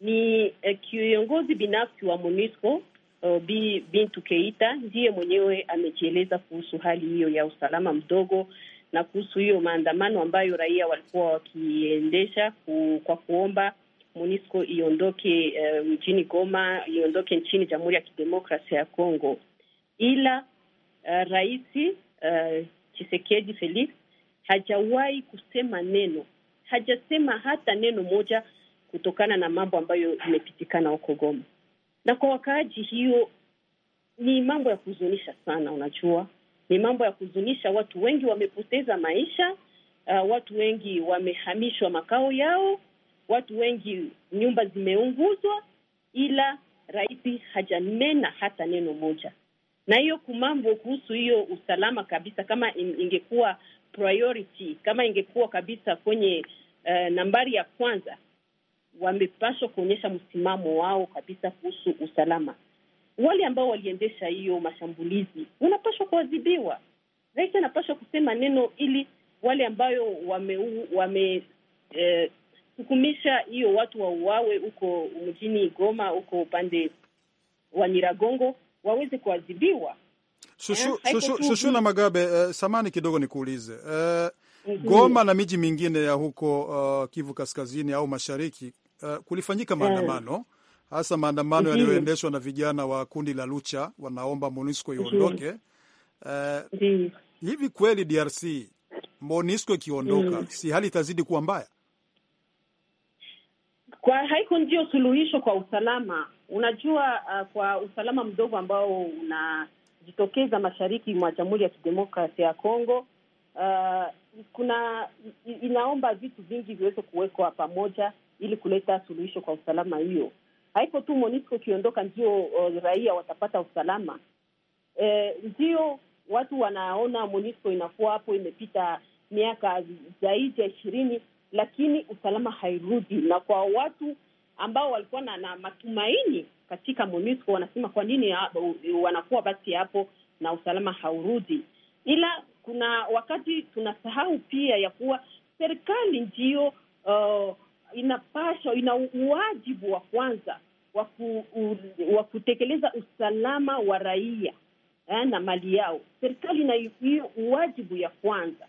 ni eh, kiongozi binafsi wa MONUSCO uh, Bi, Bintu Keita ndiye mwenyewe amejieleza kuhusu hali hiyo ya usalama mdogo na kuhusu hiyo maandamano ambayo raia walikuwa wakiendesha ku, kwa kuomba MONUSCO iondoke uh, mjini Goma, iondoke nchini Jamhuri ya Kidemokrasia ya Kongo, ila uh, rais uh, eh, Chisekedi Felix hajawahi kusema neno, hajasema hata neno moja kutokana na mambo ambayo imepitikana huko Goma na kwa wakaaji. Hiyo ni mambo ya kuhuzunisha sana. Unajua, ni mambo ya kuhuzunisha. Watu wengi wamepoteza maisha, uh, watu wengi wamehamishwa makao yao watu wengi nyumba zimeunguzwa, ila rais hajanena hata neno moja. Na hiyo kumambo kuhusu hiyo usalama kabisa, kama ingekuwa priority, kama ingekuwa kabisa kwenye uh, nambari ya kwanza, wamepaswa kuonyesha msimamo wao kabisa kuhusu usalama. Wale ambao waliendesha hiyo mashambulizi wanapaswa kuadhibiwa. Rais anapaswa kusema neno ili wale ambayo wame, wame eh, kukumisha hiyo watu wauawe huko mjini Goma, huko upande wa Nyiragongo waweze kuadhibiwa. Shushu, eh, shushu, shushu na Magabe uh, samani kidogo nikuulize uh, mm -hmm. Goma na miji mingine ya huko uh, Kivu Kaskazini au Mashariki uh, kulifanyika maandamano yeah hasa maandamano mm -hmm. yaliyoendeshwa na vijana wa kundi la Lucha wanaomba MONUSCO iondoke. mm -hmm. uh, mm -hmm. hivi kweli DRC MONUSCO ikiondoka, mm -hmm. si hali itazidi kuwa mbaya? kwa haiko ndio suluhisho kwa usalama. Unajua uh, kwa usalama mdogo ambao unajitokeza mashariki mwa Jamhuri ya Kidemokrasia ya Kongo uh, kuna inaomba vitu vingi viweze kuwekwa pamoja ili kuleta suluhisho kwa usalama hiyo. Haiko tu monisco ukiondoka ndio uh, raia watapata usalama eh, ndio watu wanaona monisco inakuwa hapo imepita miaka zaidi ya ishirini lakini usalama hairudi. Na kwa watu ambao walikuwa na, na matumaini katika MONUSCO wanasema kwa nini wanakuwa basi hapo na usalama haurudi, ila kuna wakati tunasahau pia ya kuwa serikali ndiyo uh, inapashwa ina uwajibu wa kwanza wa kutekeleza usalama wa raia eh, na mali yao. Serikali ina hiyo uwajibu ya kwanza,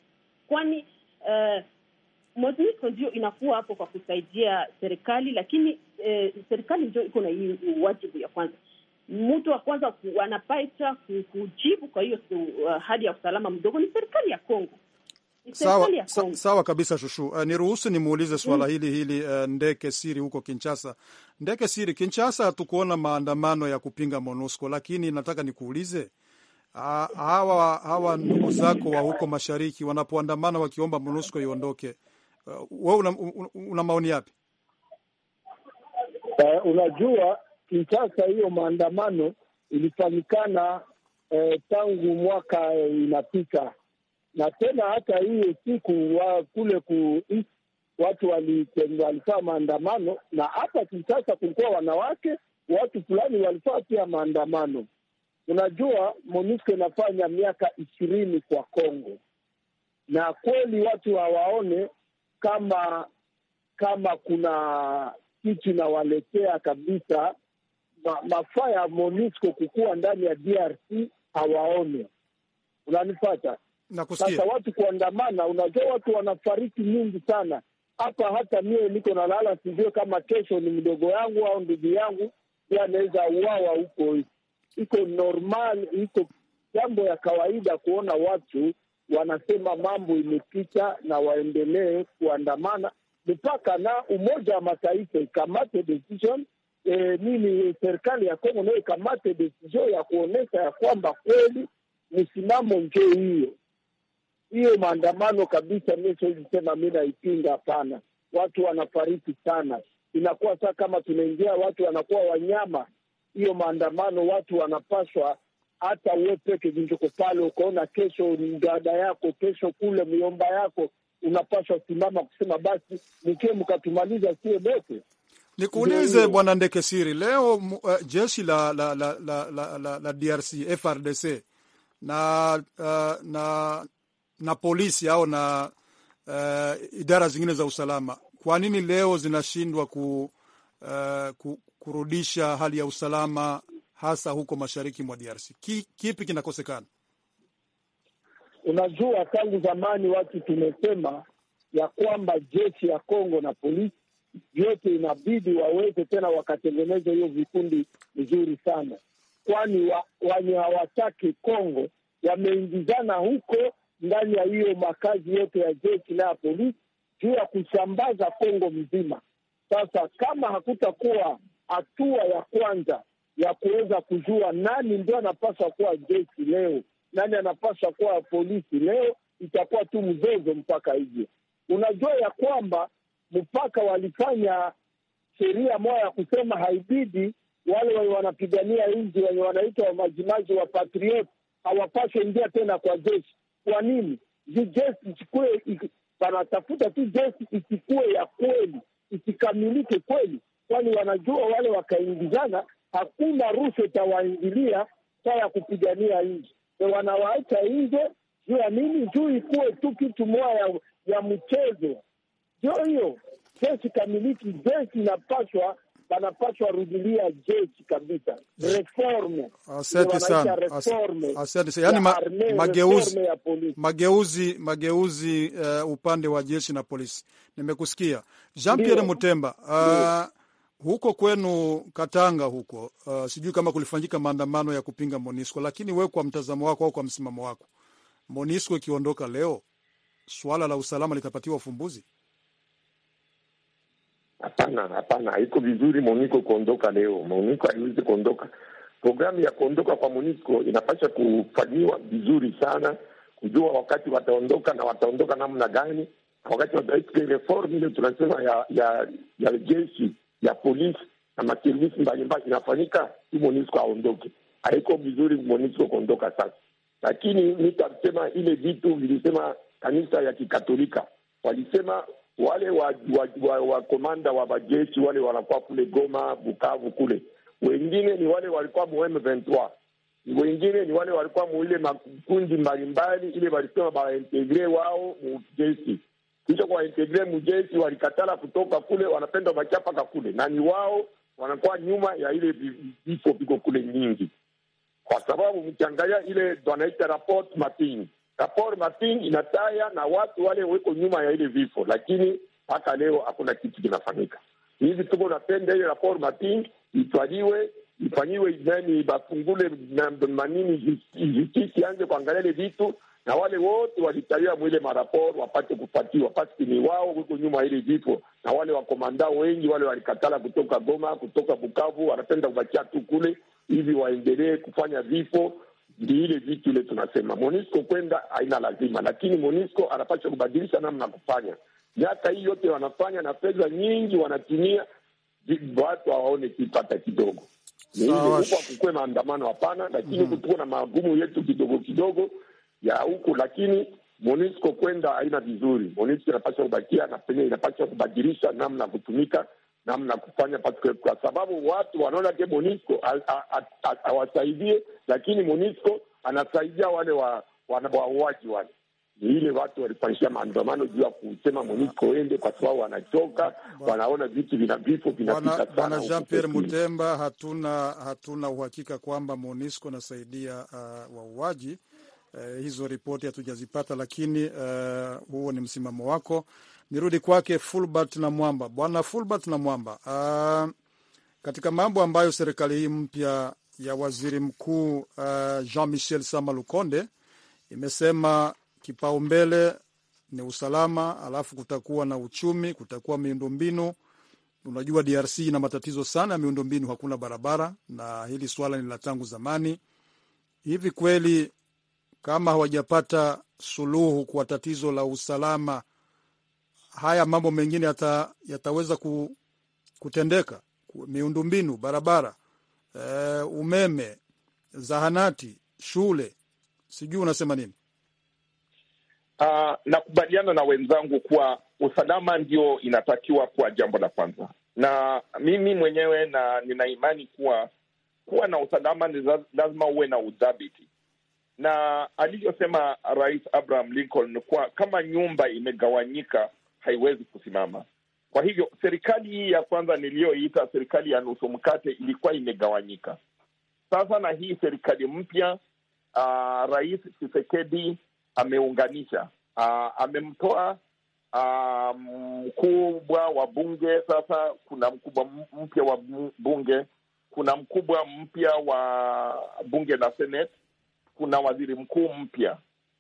kwani uh, MONUSCO ndio inakuwa hapo kwa kusaidia serikali, lakini eh, serikali ndio iko na hii wajibu ya kwanza. Mtu wa kwanza anapaita kujibu kwa hiyo uh, hali ya usalama mdogo ni serikali ya Kongo. Sawa, sa, sawa kabisa shushu. Uh, niruhusu nimuulize swala mm, hili hili uh, ndeke siri huko Kinshasa. Ndeke siri Kinshasa, hatukuona maandamano ya kupinga MONUSCO, lakini nataka nikuulize hawa hawa ndugu zako wa huko mashariki wanapoandamana wakiomba MONUSCO iondoke Uh, wewe una, una, una maoni yapi? Uh, unajua Kinshasa hiyo maandamano ilifanyikana uh, tangu mwaka uh, inapita na tena hata hiyo siku wa kule ku watu walifaa maandamano, na hapa Kinshasa kulikuwa wanawake watu fulani walifaa pia maandamano. Unajua, MONUSCO inafanya miaka ishirini kwa Kongo, na kweli watu hawaone kama kama kuna kitu inawaletea kabisa ma, mafaa ya MONUSCO kukuwa ndani ya DRC hawaone. Unanipata? Sasa watu kuandamana, unajua watu wanafariki nyingi sana hapa. Hata mie niko nalala, sijue kama kesho ni mdogo yangu au ndugu yangu pia anaweza uawa huko. Iko normal, iko jambo ya kawaida kuona watu wanasema mambo imepita na waendelee kuandamana mpaka na Umoja wa Mataifa ikamate decision e, nini serikali ya Kongo nayo ikamate decision ya kuonyesha ya kwamba kweli msimamo njoo hiyo hiyo maandamano kabisa. Mi siwezi sema mi naipinga, hapana. Watu wanafariki sana, inakuwa saa kama tunaingia, watu wanakuwa wanyama. Hiyo maandamano watu wanapaswa hata we peke vijoko pale, ukaona kesho dada yako, kesho kule miomba yako, unapaswa simama kusema basi nikiwe mkatumaliza sie bote. Nikuulize Bwana Ndekesiri, leo uh, jeshi la, la, la, la, la, la, la DRC FRDC na, uh, na, na polisi au na uh, idara zingine za usalama, kwa nini leo zinashindwa ku, uh, ku, kurudisha hali ya usalama hasa huko mashariki mwa DRC? Ki, kipi kinakosekana? Unajua, tangu zamani watu tumesema ya kwamba jeshi ya Kongo na polisi vyote inabidi waweze tena wakatengeneza hiyo vikundi vizuri sana, kwani wenye wa, hawataki Kongo wameingizana huko ndani ya hiyo makazi yote ya jeshi na ya polisi juu ya kusambaza Kongo mzima. Sasa kama hakutakuwa hatua ya kwanza ya kuweza kujua nani ndio anapaswa kuwa jeshi leo, nani anapaswa kuwa polisi leo, itakuwa tu mzozo mpaka hivyo. Unajua ya kwamba mpaka walifanya sheria moya ya kusema haibidi wale wenye wanapigania nji wenye wanaitwa wamajimaji wa patriot hawapaswe ingia tena kwa jeshi. Kwa nini? Juu jeshi ichukue, wanatafuta tu jeshi isikue ya kweli, isikamilike kweli, kwani wanajua wale wakaingizana hakuna ruhusa itawaingilia saa ya kupigania E, wanawaacha nje juu ya nini? Juu ikuwe tu kitu moya ya, ya mchezo. Ndio hiyo jeshi kamiliki, jeshi inapashwa banapashwa rudilia jeshi kabisa, Asante sana. Yani ma, mageuzi, mageuzi, mageuzi uh, upande wa jeshi na polisi. Nimekusikia Jean Pierre Mutemba uh, huko kwenu Katanga huko, uh, sijui kama kulifanyika maandamano ya kupinga Monisco, lakini wewe kwa mtazamo wako au kwa msimamo wako, Monisco ikiondoka leo, swala la usalama litapatiwa ufumbuzi? Hapana, hapana, haiko vizuri Monisco kuondoka leo. Monisco haiwezi kuondoka. Programu ya kuondoka kwa Monisco inapasha kufanyiwa vizuri sana, kujua wakati wataondoka na wataondoka namna gani, wakati watareform ile tunasema ya ya, ya jeshi ya polisi na maservisi mbalimbali inafanyika, MONUSCO aondoke. Haiko vizuri MONUSCO kuondoka sasa, lakini nitasema ile vitu vilisema kanisa ya Kikatolika walisema wale wakomanda wa majeshi wa, wa, wale wanakuwa kule Goma, Bukavu kule, wengine ni wale walikuwa mu M23, wengine ni wale walikuwa muile makundi mbalimbali ile walisema bawaintegre wao mu kisha integre mjeshi. Walikatala kutoka kule, wanapenda bakia paka kule, na ni wao wanakuwa nyuma ya ile vifo viko kule nyingi, kwa sababu mkiangalia ile wanaita rapport mapping. Rapport mapping inataya na watu wale weko nyuma ya ile vifo, lakini mpaka leo hakuna kitu kinafanyika. Hivi tuko napenda ile rapport mapping itwaliwe ifanyiwe nani, bafungule manini, justice ianze kuangalia ile vitu na wale wote walitalia mwile marapor wapate kupatiwa paski ni wao huko nyuma ili vifo, na wale wakomandao wengi wale walikatala kutoka Goma, kutoka Bukavu, wanapenda kubakia tu kule hivi waendelee kufanya vifo. Ndi ile vitu ile tunasema Monisco kwenda haina lazima, lakini Monisco anapasha kubadilisha namna ya kufanya miaka hii yote wanafanya na fedha nyingi wanatumia, watu hawaone kipata kidogo. Ni ile huko akukuwe maandamano, hapana, lakini mhm. huku tuko na magumu yetu kidogo kidogo ya huku, lakini MONUSCO kwenda haina vizuri. MONUSCO inapaswa kubakia na penye inapaswa kubadilisha namna ya kutumika, namna ya kufanya, kwa sababu watu wanaona ke MONUSCO awasaidie, lakini MONUSCO anasaidia wale wa wale ni ile watu walifanyishia maandamano juu ya kusema MONUSCO ende kwa sababu wanachoka, wanaona vitu vina vifo vinapita sana. Bwana Jean Pierre Mutemba, hatuna hatuna uhakika kwamba MONUSCO nasaidia uh, wauaji, Uh, hizo ripoti hatujazipata, lakini uh, huo ni msimamo wako. Nirudi kwake Fulbert na Mwamba. Bwana Fulbert na Mwamba, uh, eh, katika mambo ambayo serikali hii mpya ya waziri mkuu uh, Jean Michel Sama Lukonde imesema kipaumbele ni usalama, alafu kutakuwa na uchumi, kutakuwa miundombinu. Unajua DRC ina matatizo sana ya miundombinu, hakuna barabara, na hili swala ni la tangu zamani. Hivi kweli kama hawajapata suluhu kwa tatizo la usalama, haya mambo mengine yata, yataweza ku, kutendeka. Miundombinu, barabara, e, umeme, zahanati, shule, sijui unasema nini? Uh, nakubaliana na wenzangu kuwa usalama ndio inatakiwa kuwa jambo la kwanza, na mimi mwenyewe na nina imani kuwa kuwa na usalama ni lazima uwe na udhabiti na alivyosema Rais Abraham Lincoln kwa kama nyumba imegawanyika haiwezi kusimama. Kwa hivyo serikali hii ya kwanza niliyoita serikali ya nusu mkate ilikuwa imegawanyika. Sasa na hii serikali mpya uh, Rais chisekedi ameunganisha, uh, amemtoa uh, mkubwa wa bunge. Sasa kuna mkubwa mpya wa bunge, kuna mkubwa mpya wa bunge na seneti kuna waziri mkuu mpya,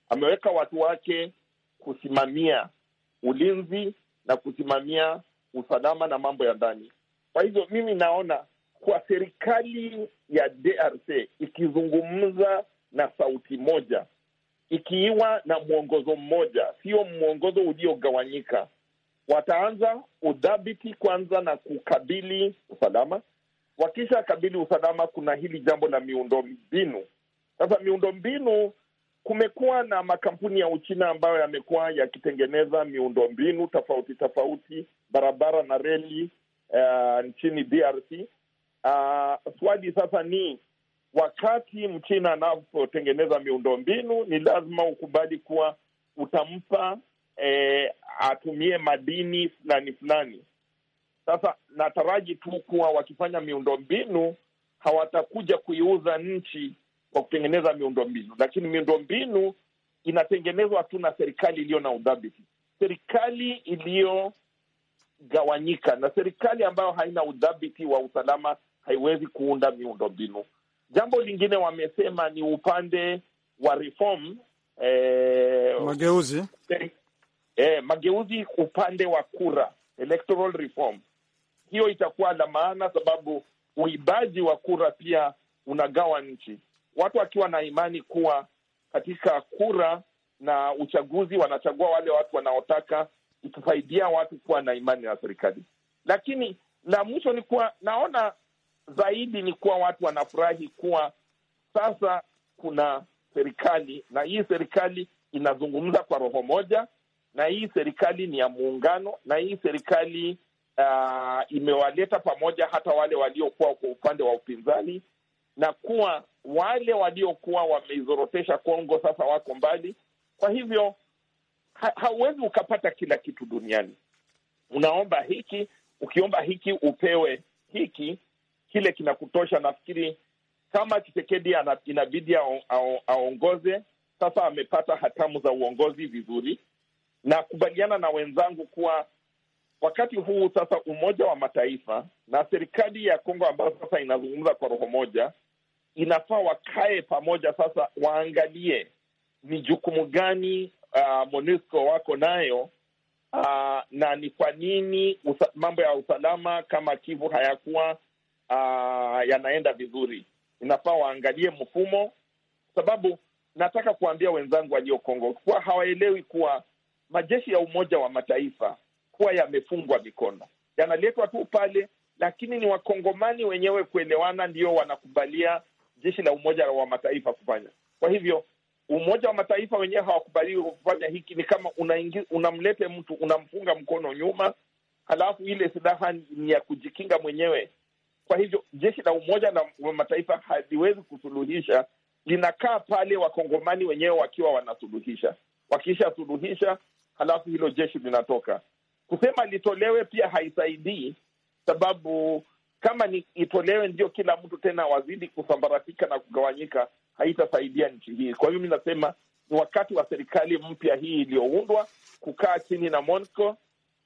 ameweka watu wake kusimamia ulinzi na kusimamia usalama na mambo ya ndani. Kwa hivyo mimi naona kwa serikali ya DRC ikizungumza na sauti moja, ikiwa na mwongozo mmoja, sio mwongozo uliogawanyika, wataanza udhabiti kwanza na kukabili usalama. Wakisha kabili usalama, kuna hili jambo la miundombinu sasa miundombinu, kumekuwa na makampuni ya Uchina ambayo yamekuwa yakitengeneza miundombinu tofauti tofauti, barabara na reli uh, nchini DRC. Uh, ah, swali sasa ni wakati mchina anapotengeneza miundombinu ni lazima ukubali kuwa utampa eh, atumie madini fulani fulani. Sasa nataraji tu kuwa wakifanya miundombinu hawatakuja kuiuza nchi kwa kutengeneza mbinu lakini miundo mbinu inatengenezwa tu na serikali iliyo na udhabiti. Serikali iliyogawanyika na serikali ambayo haina udhabiti wa usalama haiwezi kuunda miundo mbinu Jambo lingine wamesema ni upande wa reform, eh, mageuzi eh, mageuzi upande wa kura, electoral reform. Hiyo itakuwa la maana, sababu uibaji wa kura pia unagawa nchi watu wakiwa na imani kuwa katika kura na uchaguzi wanachagua wale watu wanaotaka, itasaidia watu kuwa na imani na serikali. Lakini la mwisho ni kuwa naona zaidi ni kuwa watu wanafurahi kuwa sasa kuna serikali, na hii serikali inazungumza kwa roho moja, na hii serikali ni ya muungano, na hii serikali uh, imewaleta pamoja hata wale waliokuwa kwa upande wa upinzani na kuwa wale waliokuwa wameizorotesha Kongo sasa wako mbali. Kwa hivyo ha hauwezi ukapata kila kitu duniani. Unaomba hiki, ukiomba hiki upewe hiki, kile kinakutosha. Nafikiri kama Chisekedi inabidi aongoze sasa, amepata hatamu za uongozi vizuri, na kubaliana na wenzangu kuwa wakati huu sasa Umoja wa Mataifa na serikali ya Kongo ambayo sasa inazungumza kwa roho moja inafaa wakae pamoja sasa, waangalie ni jukumu gani uh, MONUSCO wako nayo uh, na ni kwa nini mambo ya usalama kama Kivu hayakuwa uh, yanaenda vizuri. Inafaa waangalie mfumo, sababu nataka kuambia wenzangu walio Kongo kuwa hawaelewi kuwa majeshi ya Umoja wa Mataifa kuwa yamefungwa mikono, yanaletwa tu pale, lakini ni wakongomani wenyewe kuelewana, ndio wanakubalia jeshi la Umoja wa Mataifa kufanya. Kwa hivyo Umoja wa Mataifa wenyewe hawakubaliwi kufanya hiki. Ni kama unamlete mtu unamfunga mkono nyuma, halafu ile silaha ni ya kujikinga mwenyewe. Kwa hivyo jeshi la Umoja wa Mataifa haliwezi kusuluhisha, linakaa pale wakongomani wenyewe wakiwa wanasuluhisha. Wakishasuluhisha halafu hilo jeshi linatoka. Kusema litolewe pia haisaidii, sababu kama ni itolewe ndio kila mtu tena wazidi kusambaratika na kugawanyika, haitasaidia nchi hii. Kwa hivyo mi nasema ni wakati wa serikali mpya hii iliyoundwa kukaa chini na MONUSCO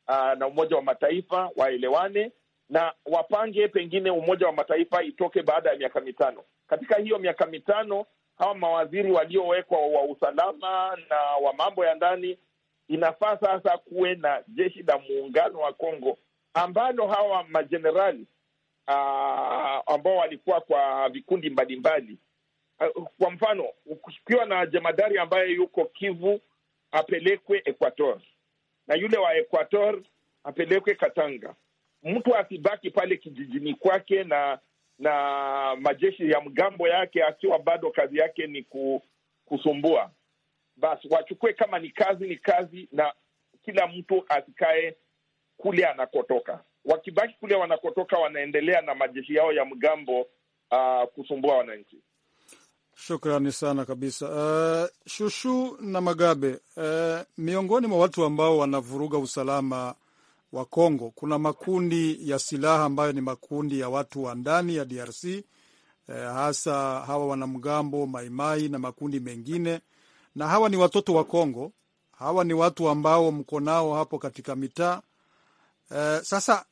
ah, na Umoja wa Mataifa waelewane na wapange, pengine Umoja wa Mataifa itoke baada ya miaka mitano. Katika hiyo miaka mitano, hawa mawaziri waliowekwa wa usalama na wa mambo ya ndani, inafaa sasa kuwe na jeshi la muungano wa Kongo ambalo hawa majenerali uh, ambao walikuwa kwa vikundi mbalimbali uh, kwa mfano ukiwa na jemadari ambaye yuko Kivu apelekwe Equator na yule wa Equator apelekwe Katanga. Mtu asibaki pale kijijini kwake na na majeshi ya mgambo yake, akiwa bado kazi yake ni kusumbua. Basi wachukue kama ni kazi, ni kazi, na kila mtu asikae kule anakotoka wakibaki kule wanakotoka, wanaendelea na majeshi yao ya mgambo uh, kusumbua wananchi. Shukrani sana kabisa. Uh, Shushu na Magabe, uh, miongoni mwa watu ambao wanavuruga usalama wa Kongo kuna makundi ya silaha ambayo ni makundi ya watu wa ndani ya DRC, eh, hasa hawa wanamgambo Maimai na makundi mengine, na hawa ni watoto wa Kongo, hawa ni watu ambao mko nao hapo katika mitaa eh. Sasa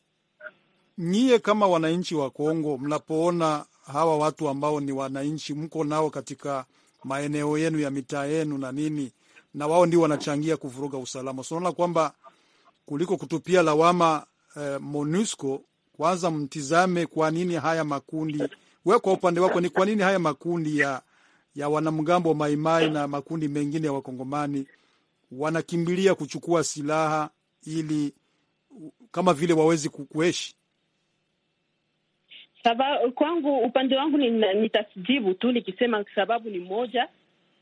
nyie kama wananchi wa Kongo mnapoona hawa watu ambao ni wananchi mko nao katika maeneo yenu ya mitaa yenu na nini, na wao ndio wanachangia kuvuruga usalama, unaona kwamba kuliko kutupia lawama eh, MONUSCO kwanza mtizame kwa nini haya makundi, we kwa upande wako ni kwa nini haya makundi ya, ya wanamgambo maimai na makundi mengine ya wakongomani wanakimbilia kuchukua silaha ili kama vile wawezi kukueshi Saba, kwangu, upande wangu nitasijibu tu nikisema sababu ni moja,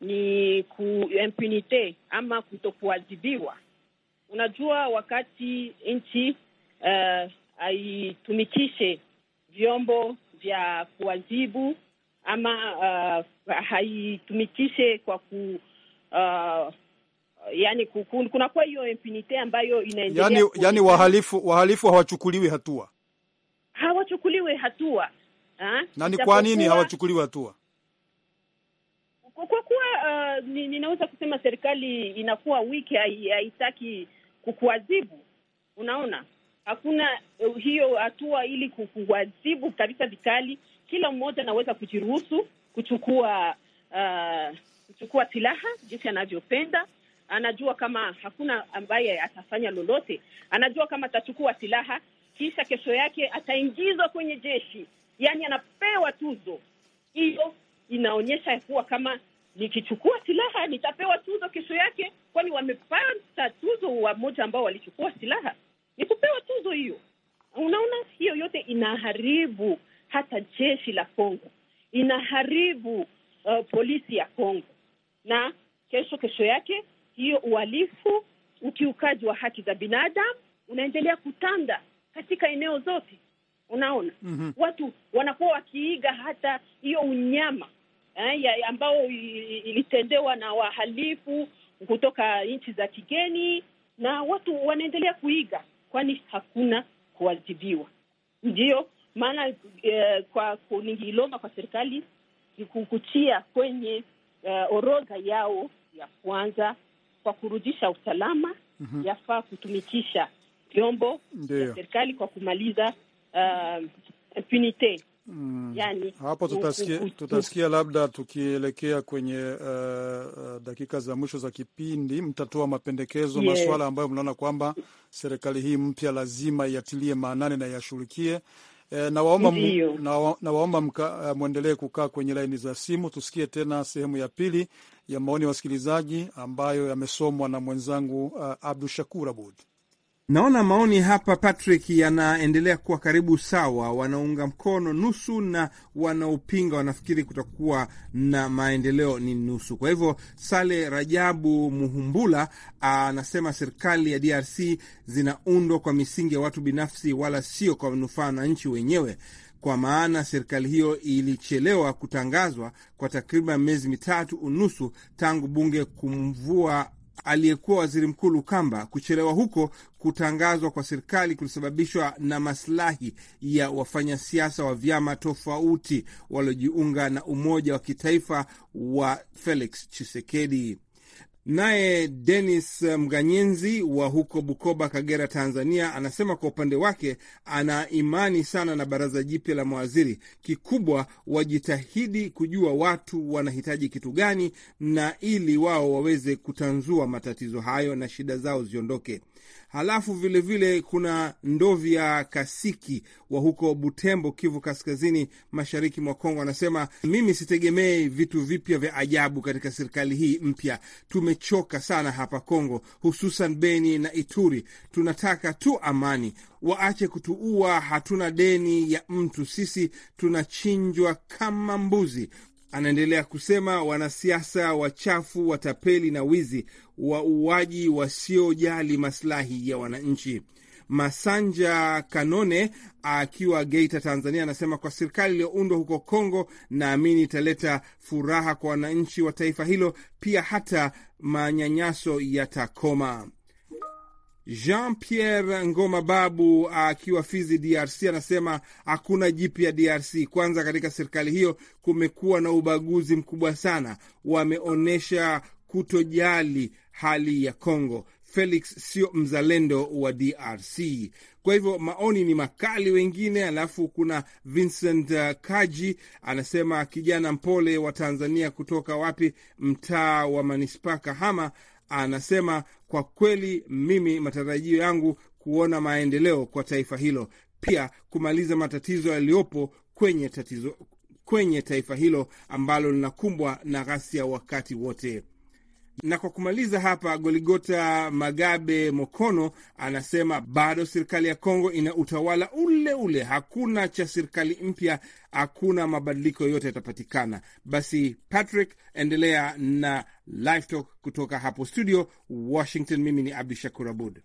ni ku impunite ama kutokuadhibiwa. Unajua, wakati nchi uh, haitumikishe vyombo vya kuadhibu ama uh, haitumikishe kwa ku uh, yani kunakuwa hiyo impunite ambayo inaendelea, yani, yani wahalifu wahalifu hawachukuliwi hatua hawachukuliwe hatua ha? Na ni kwa nini hawachukuliwe hatua? Kwa kuwa uh, ninaweza kusema serikali inakuwa wiki, haitaki kukuadhibu. Unaona, hakuna uh, hiyo hatua ili kukuadhibu kabisa vikali. Kila mmoja anaweza kujiruhusu kuchukua uh, kuchukua silaha jinsi anavyopenda. Anajua kama hakuna ambaye atafanya lolote, anajua kama atachukua silaha kisha kesho yake ataingizwa kwenye jeshi, yaani anapewa tuzo hiyo. Inaonyesha kuwa kama nikichukua silaha nitapewa tuzo kesho yake, kwani wamepata tuzo wamoja ambao walichukua silaha ni kupewa tuzo hiyo. Unaona, hiyo yote inaharibu hata jeshi la Kongo, inaharibu uh, polisi ya Kongo, na kesho kesho yake hiyo uhalifu, ukiukaji wa haki za binadamu unaendelea kutanda katika eneo zote. Unaona, mm -hmm. Watu wanakuwa wakiiga hata hiyo unyama eh, ya ambao ilitendewa na wahalifu kutoka nchi za kigeni, na watu wanaendelea kuiga, kwani hakuna kuwajibiwa Ndiyo maana eh, kwa kwa serikali kukutia kwenye eh, orodha yao ya kwanza kwa kurudisha usalama, mm -hmm. yafaa kutumikisha vyombo vya serikali kwa kumaliza uh, impunite. Hmm. Yani, hapo tutasikia, tutasikia labda tukielekea kwenye uh, uh, dakika za mwisho za kipindi mtatoa mapendekezo yes, masuala ambayo mnaona kwamba serikali hii mpya lazima iatilie maanani na iashughulikie. E, eh, nawaomba na, na uh, mwendelee kukaa kwenye laini za simu tusikie tena sehemu ya pili ya maoni ya wasikilizaji ambayo yamesomwa na mwenzangu uh, Abdu Shakur Abud. Naona maoni hapa Patrick yanaendelea kuwa karibu sawa, wanaunga mkono nusu na wanaopinga wanafikiri kutakuwa na maendeleo ni nusu. Kwa hivyo Sale Rajabu Muhumbula anasema serikali ya DRC zinaundwa kwa misingi ya watu binafsi, wala sio kwa manufaa na nchi wenyewe kwa maana serikali hiyo ilichelewa kutangazwa kwa takriban miezi mitatu unusu tangu bunge kumvua aliyekuwa waziri mkuu Lukamba. Kuchelewa huko kutangazwa kwa serikali kulisababishwa na maslahi ya wafanyasiasa wa vyama tofauti waliojiunga na umoja wa kitaifa wa Felix chisekedi Naye Denis eh, Mganyenzi wa huko Bukoba, Kagera, Tanzania, anasema kwa upande wake ana imani sana na baraza jipya la mawaziri. Kikubwa wajitahidi kujua watu wanahitaji kitu gani, na ili wao waweze kutanzua matatizo hayo na shida zao ziondoke. Halafu vilevile vile kuna Ndovya Kasiki wa huko Butembo, Kivu Kaskazini, mashariki mwa Kongo, anasema mimi sitegemei vitu vipya vya ajabu katika serikali hii mpya. Tumechoka sana hapa Kongo, hususan Beni na Ituri. Tunataka tu amani, waache kutuua. Hatuna deni ya mtu, sisi tunachinjwa kama mbuzi. Anaendelea kusema wanasiasa wachafu, watapeli na wizi, wauaji wasiojali masilahi ya wananchi. Masanja Kanone akiwa Geita, Tanzania, anasema kwa serikali iliyoundwa huko Kongo, naamini italeta furaha kwa wananchi wa taifa hilo, pia hata manyanyaso yatakoma. Jean Pierre Ngoma Babu ah, akiwa Fizi, DRC, anasema hakuna jipya DRC. Kwanza katika serikali hiyo kumekuwa na ubaguzi mkubwa sana, wameonyesha kutojali hali ya congo Felix sio mzalendo wa DRC. Kwa hivyo maoni ni makali wengine. Alafu kuna Vincent ah, Kaji anasema kijana mpole wa Tanzania kutoka wapi, mtaa wa manispaa Kahama Anasema kwa kweli, mimi matarajio yangu kuona maendeleo kwa taifa hilo, pia kumaliza matatizo yaliyopo kwenye tatizo kwenye taifa hilo ambalo linakumbwa na ghasia wakati wote. Na kwa kumaliza hapa, Goligota Magabe Mokono anasema bado serikali ya Kongo ina utawala ule ule, hakuna cha serikali mpya, hakuna mabadiliko yoyote yatapatikana. Basi Patrick, endelea na Live Talk kutoka hapo studio Washington. Mimi ni Abdu Shakur Abud.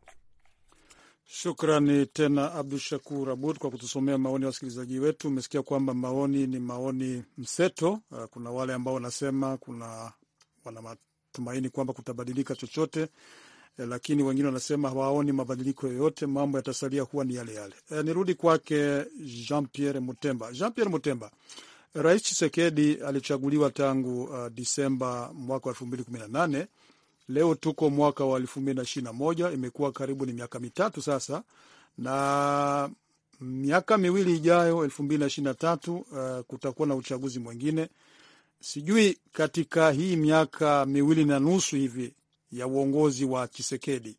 Shukrani tena Abdu Shakur Abud kwa kutusomea maoni ya wasikilizaji wetu. Umesikia kwamba maoni ni maoni mseto. Uh, kuna wale ambao wanasema kuna wana tumaini kwamba kutabadilika chochote eh, lakini wengine wanasema hawaoni mabadiliko yoyote, mambo yatasalia kuwa ni yale yale. Eh, nirudi kwake Jean Pierre Mutemba. Jean Pierre Mutemba, Rais Chisekedi alichaguliwa tangu uh, Disemba mwaka wa elfu mbili kumi na nane. Leo tuko mwaka wa elfu mbili na ishirini na moja. Imekuwa karibu ni miaka mitatu sasa, na miaka miwili ijayo elfu mbili na ishirini na tatu uh, kutakuwa na uchaguzi mwingine sijui katika hii miaka miwili na nusu hivi ya uongozi wa Chisekedi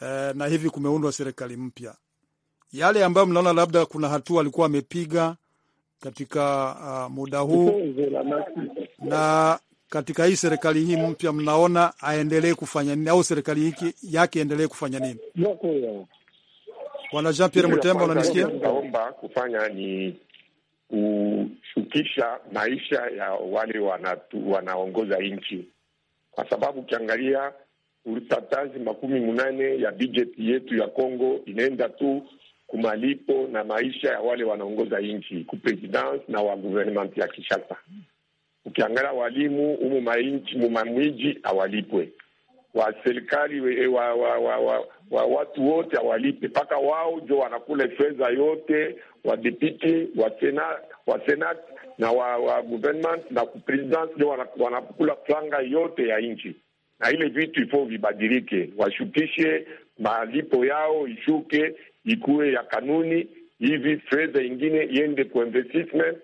e, eh, na hivi kumeundwa serikali mpya, yale ambayo mnaona labda kuna hatua alikuwa amepiga katika uh, muda huu na katika hii serikali hii mpya mnaona aendelee kufanya nini au serikali hiki yake endelee kufanya nini? Bwana Jean Pierre Mutemba, unanisikia? Naomba kufanya ni kushukisha maisha ya wale wanatu, wanaongoza nchi, kwa sababu ukiangalia urutatazi makumi munane ya bajeti yetu ya congo inaenda tu kumalipo na maisha ya wale wanaongoza nchi kupresidence na wa ya kishasa Ukiangalia walimu umu mainchi mumamwiji awalipwe wa serikali wa, wa, wa, wa, wa watu wote awalipe mpaka wao jo wanakula fedha yote wa deputy wa sena, wa senat na wa, wa government na president njo wanakula franga yote ya nchi, na ile vitu ifo vibadilike, washukishe malipo yao ishuke, ikuwe ya kanuni hivi, fedha ingine iende ku investment,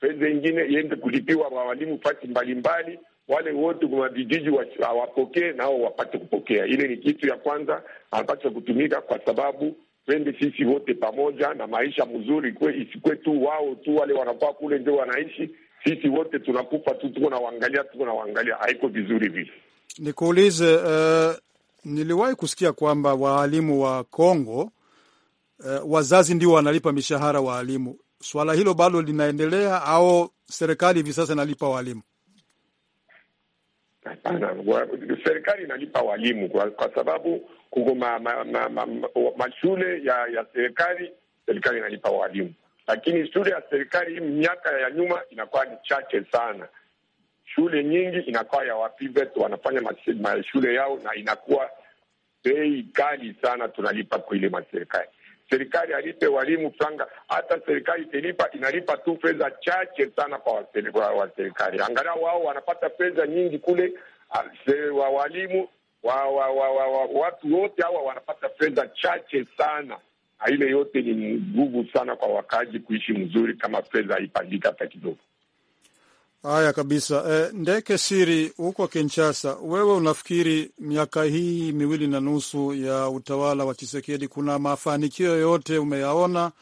fedha ingine iende kulipiwa wa walimu fasi mbalimbali mbali wale wote kwa vijiji hawapokee nao wapate kupokea. Ile ni kitu ya kwanza anapaswa kutumika, kwa sababu twende sisi wote pamoja na maisha mzuri kwe, isikwe tu wao tu wale wanakuwa kule ndio wanaishi, sisi wote tunakufa tu, tuko nawaangalia, tuko nawaangalia, haiko vizuri vile. Nikuulize, uh, niliwahi kusikia kwamba waalimu wa Kongo uh, wazazi ndio wanalipa mishahara waalimu. Swala hilo bado linaendelea au serikali hivi sasa inalipa waalimu? Hapana, serikali inalipa walimu kwa, kwa sababu kuko ma, ma, ma, ma, mashule ya ya serikali, serikali inalipa walimu, lakini shule ya serikali miaka ya nyuma inakuwa ni chache sana. Shule nyingi inakuwa ya wapivet, wanafanya mashule yao na inakuwa bei kali sana, tunalipa kwa ile maserikali serikali alipe walimu franga. Hata serikali ikilipa inalipa tu fedha chache sana kwa serikali angalau wao wanapata fedha nyingi kule. Ah, wa walimu wa, wa, wa, wa, wa, watu wote hawa wanapata fedha chache sana, na ile yote ni nguvu sana kwa wakaji kuishi mzuri kama fedha haipandika hata kidogo. Haya kabisa. E, ndeke siri huko Kinshasa, wewe unafikiri miaka hii miwili na nusu ya utawala wa Chisekedi kuna mafanikio yoyote umeyaona,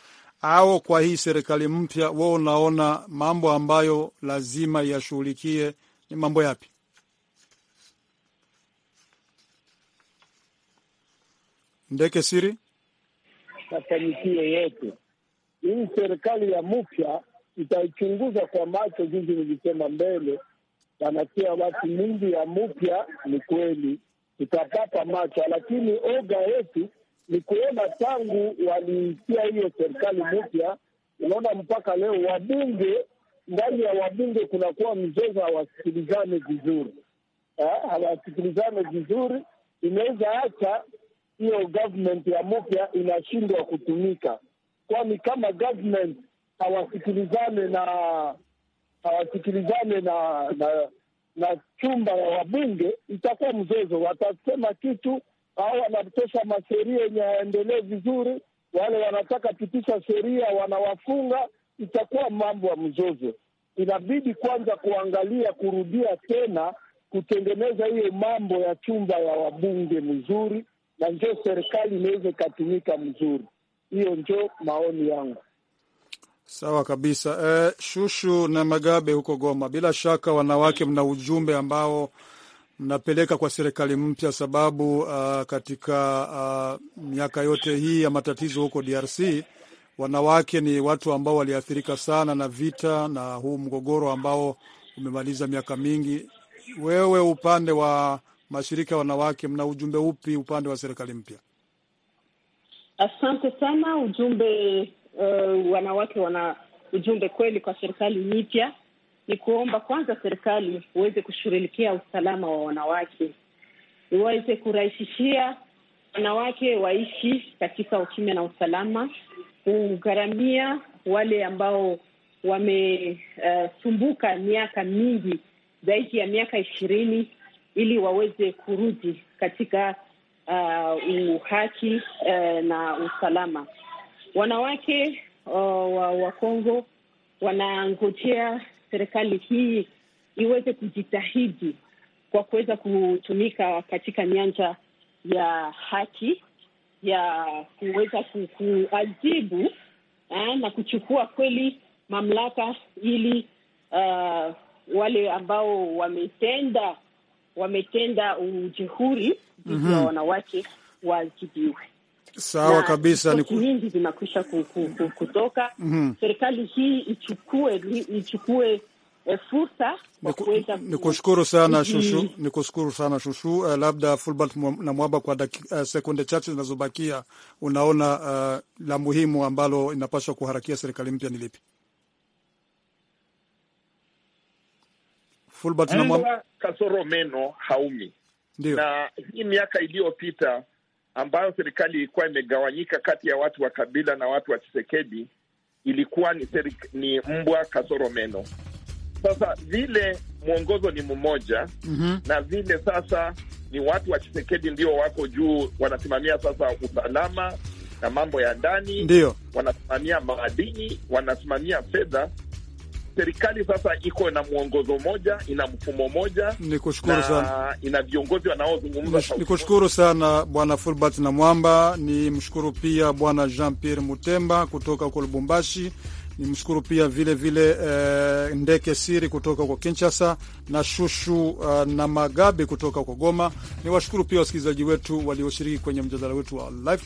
au kwa hii serikali mpya we unaona mambo ambayo lazima yashughulikie ni mambo yapi? Ndeke siri mafanikio yote hii serikali ya mpya itaichunguza kwa macho, jinsi nilisema mbele, wanasia watu mingi ya mupya ni kweli, tutapata macho, lakini oga yetu ni kuona tangu waliisia hiyo serikali mpya, unaona mpaka leo wabunge, ndani ya wabunge kunakuwa mzozo, hawasikilizane vizuri, hawasikilizane vizuri, inaweza hata hiyo government ya mpya inashindwa kutumika, kwani kama government hawasikilizane na hawasikilizane na na, na chumba ya wabunge, itakuwa mzozo. Watasema kitu au wanatosha masheria yenye yaendelee vizuri, wale wanataka pitisha sheria wanawafunga, itakuwa mambo ya mzozo. Inabidi kwanza kuangalia kurudia tena kutengeneza hiyo mambo ya chumba ya wabunge mzuri, na njo serikali inaweza ikatumika mzuri. Hiyo njo maoni yangu. Sawa kabisa. E, Shushu na Magabe huko Goma, bila shaka wanawake, mna ujumbe ambao mnapeleka kwa serikali mpya, sababu uh, katika uh, miaka yote hii ya matatizo huko DRC wanawake ni watu ambao waliathirika sana na vita na huu mgogoro ambao umemaliza miaka mingi. Wewe upande wa mashirika ya wanawake, mna ujumbe upi upande wa serikali mpya? Asante sana. Ujumbe uh, wanawake wana ujumbe kweli kwa serikali mpya, ni kuomba kwanza serikali uweze kushughulikia usalama wa wanawake, iweze kurahisishia wanawake waishi katika ukimya na usalama, kugharamia wale ambao wamesumbuka eh, uh, miaka mingi zaidi ya miaka ishirini ili waweze kurudi katika uh, uhaki uh, na usalama wanawake uh, wa, wa Kongo wanangojea serikali hii iweze kujitahidi kwa kuweza kutumika katika nyanja ya haki ya kuweza kuajibu eh, na kuchukua kweli mamlaka ili uh, wale ambao wametenda wametenda ujihuri dhidi ya mm -hmm. wanawake wajibiwe. Sawa kabisa, ni nyingi zinakwisha ku, kutoka mm -hmm. Serikali hii ichukue ichukue E, fursa nikushukuru sana shushu, nikushukuru sana shushu. Uh, labda Fulbert na Mwaba, kwa uh, sekunde chache zinazobakia, unaona uh, la muhimu ambalo inapaswa kuharakia serikali mpya ni lipi? Fulbert na Mwaba, kasoro meno haumi. Ndiyo. Na hii miaka iliyopita ambayo serikali ilikuwa imegawanyika kati ya watu wa Kabila na watu wa Chisekedi ilikuwa ni, ni mbwa kasoro meno. Sasa vile mwongozo ni mmoja mm -hmm. na vile sasa ni watu wa Chisekedi ndio wako juu, wanasimamia sasa usalama na mambo ya ndani, ndio wanasimamia maadini, wanasimamia fedha serikali sasa iko na mwongozo moja, ina mfumo moja. kushukuru sana, ina viongozi wanaozungumza. kushukuru sana Bwana Fulbert na Mwamba. Ni mshukuru pia Bwana Jean Pierre Mutemba kutoka huko Lubumbashi. Ni mshukuru pia vile vile e, Ndeke Siri kutoka huko Kinshasa na Shushu uh, eh, na Magabe kutoka huko Goma. Ni washukuru pia wasikilizaji wetu walioshiriki kwenye mjadala wetu wa live